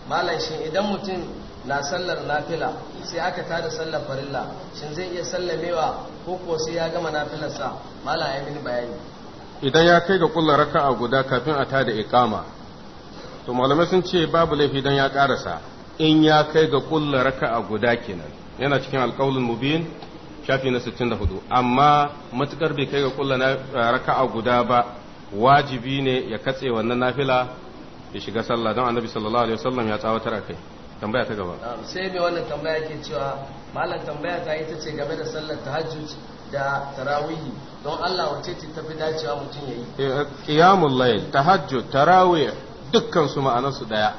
malam shi idan mutum na sallar nafila sai aka tada sallar farilla shin zai iya sallamewa ko ko sai ya gama nafilarsa mala ya mini bayani idan ya kai ga kullar raka'a guda kafin a tada iqama to malamai sun ce babu laifi dan ya karasa in ya kai ga kullar raka'a guda kenan yana cikin alqaulul mubin shafi na 64 amma matukar bai kai ga kullar eh, raka'a guda ba wajibi ne ya katse wannan nafila ya shiga sallah don annabi sallallahu alaihi wasallam ya tsawatar a kai. tambaya ta gaba sai mai wannan tambaya ke cewa malam tambaya ta ita ce game da sallar tahajjud da tarawihi don Allah wace ce tafi dacewa mutum yayi eh, qiyamul layl tahajjud tarawih dukkan su ma'anar su daya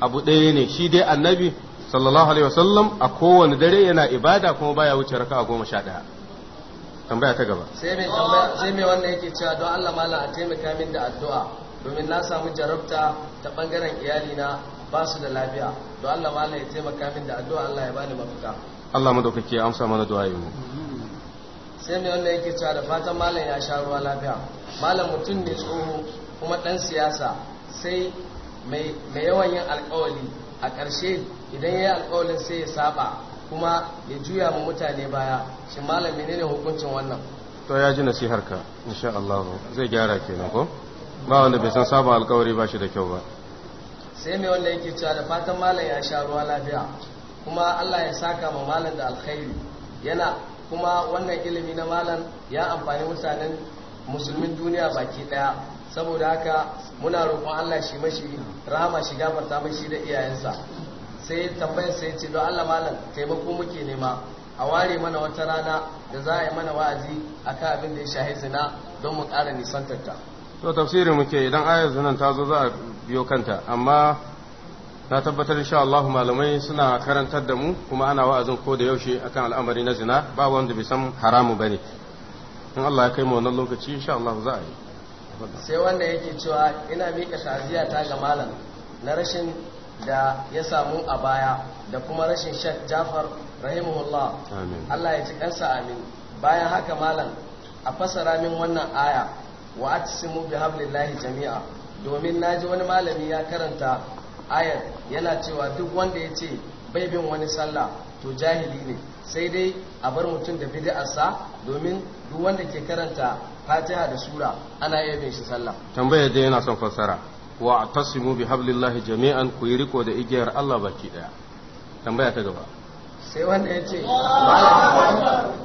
abu ɗaya ne shi dai annabi sallallahu alaihi wasallam a kowane dare yana ibada kuma baya wuce raka'a goma sha ɗaya tambaya ta gaba sai mai sai mai wannan yake cewa don Allah malam a taimaka min da addu'a domin na samu jarabta ta bangaren iyalina ba su da lafiya don Allah ma Allah ya taimaka min da addu'a Allah ya bani mafita Allah mu ya amsa mana du'a yau sai mai wanda yake cewa da fatan malam ya sha ruwa lafiya malam mutum ne tsoho kuma dan siyasa sai mai yawan yin alkawali a ƙarshe idan ya yi alkawalin sai ya saba kuma ya juya ma mutane baya shi malam menene hukuncin wannan to ya ji nasiharka ka insha Allah zai gyara kenan ko ba wanda bai san saba alkawari ba shi da kyau ba sai mai wanda yake cewa da fatan malam ya sha ruwa lafiya kuma Allah ya saka ma malam da alkhairi yana kuma wannan ilimi na malam ya amfani mutanen musulmin duniya baki daya saboda haka muna roƙon Allah shi mashi rahama shi gafarta mashi da iyayensa sai tambayar sai ce don Allah malam taimako muke nema a ware mana wata rana da za a yi mana wa'azi akan abin da ya shahi zina don mu ƙara nisantarta. to tafsirin muke idan ayar zunan ta zo za a biyo kanta amma na tabbatar insha Allah malamai suna karantar da mu kuma ana wa'azin ko da yaushe akan al'amari na zina ba wanda bai san haramu bane in Allah ya kai mu wannan lokaci insha Allah za a yi sai wanda yake cewa ina mika shaziya ta ga malam na rashin da ya samu a baya da kuma rashin Sheikh Jafar rahimahullah Allah ya ji kansa amin bayan haka malam a fasara min wannan aya wa aqsimu bi hablillahi jami'a domin naji wani malami ya karanta ayar yana cewa duk wanda ya ce bai bin wani sallah to jahili ne sai dai a bar mutum da bid'arsa domin duk wanda ke karanta fatiha da sura ana iya bin shi sallah tambaya dai yana son fassara wa tasimu bi hablillahi jami'an ku yi riko da igiyar Allah baki daya tambaya ta gaba sai wanda ya ce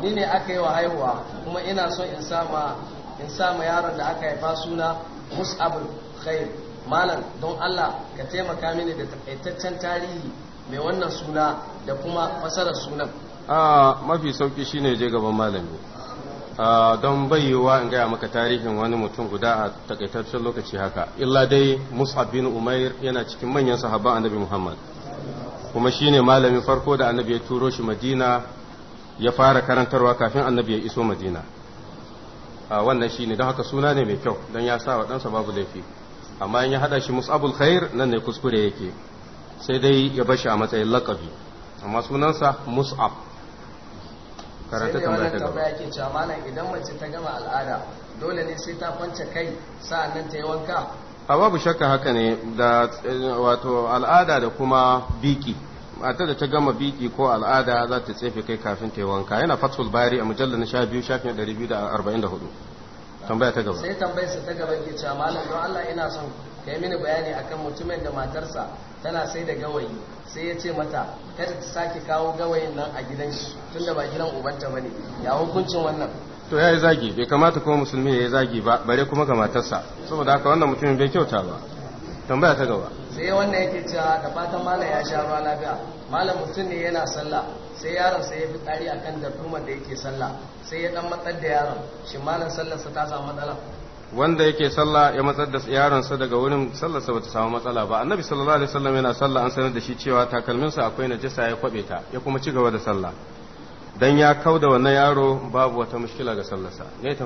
ni ne aka yi wa haihuwa kuma ina son in sama in sa ma yaron da aka haifa suna mus'abul khair malam don Allah ka taimaka mini da takaitaccen tarihi mai wannan suna da kuma fasarar sunan a mafi sauki shine je gaban malami don bayyewa in gaya maka tarihin wani mutum guda a takaitaccen lokaci haka illa dai mus'ab bin umair yana cikin manyan sahabban annabi muhammad kuma shine malamin farko da annabi ya turo shi madina ya fara karantarwa kafin annabi ya iso madina wannan shi ne don haka suna ne mai kyau don ya sa wa ɗansa babu laifi amma in ya haɗa shi mus'abul khair nan ne kuskure yake sai dai ya bashi a matsayin lakabi amma sunansa mus'ab karanta tambaya ta gaba yake cewa malam idan mace ta gama al'ada dole ne sai ta kwance kai sa'annan ta yi wanka a babu shakka haka ne da wato al'ada da kuma biki matar da ta gama biki ko al'ada za ta tsefe kai kafin ta yi wanka yana fatul bari a mujallar na sha biyu shafin ɗari biyu da arba'in da hudu tambaya ta gaba sai tambayar sa ta gaba ke cewa malam don Allah ina son ka yi mini bayani akan mutumin da matarsa tana sai da gawayi sai ya ce mata kada ta sake kawo gawayin nan a gidan shi tunda ba gidan ubanta bane ya hukuncin wannan to ya yi zagi bai kamata kuma musulmi ya yi zagi ba bare kuma ga matarsa saboda haka wannan mutumin bai kyauta ba tambaya ta gaba sai wannan yake cewa da fatan malam ya sha ruwa lafiya malam mutum ne yana sallah sai yaron sai ya fi tsari akan dardumar da yake sallah sai ya dan matsar da yaron shi malam sallarsa ta samu matsala wanda yake sallah ya matsar da yaronsa daga wurin sallarsa bata samu matsala ba annabi sallallahu alaihi wasallam yana sallah an sanar da shi cewa takalminsa akwai najasa ya kwabe ta ya kuma ci gaba da sallah dan ya kauda wannan yaro babu wata mushkila ga sallarsa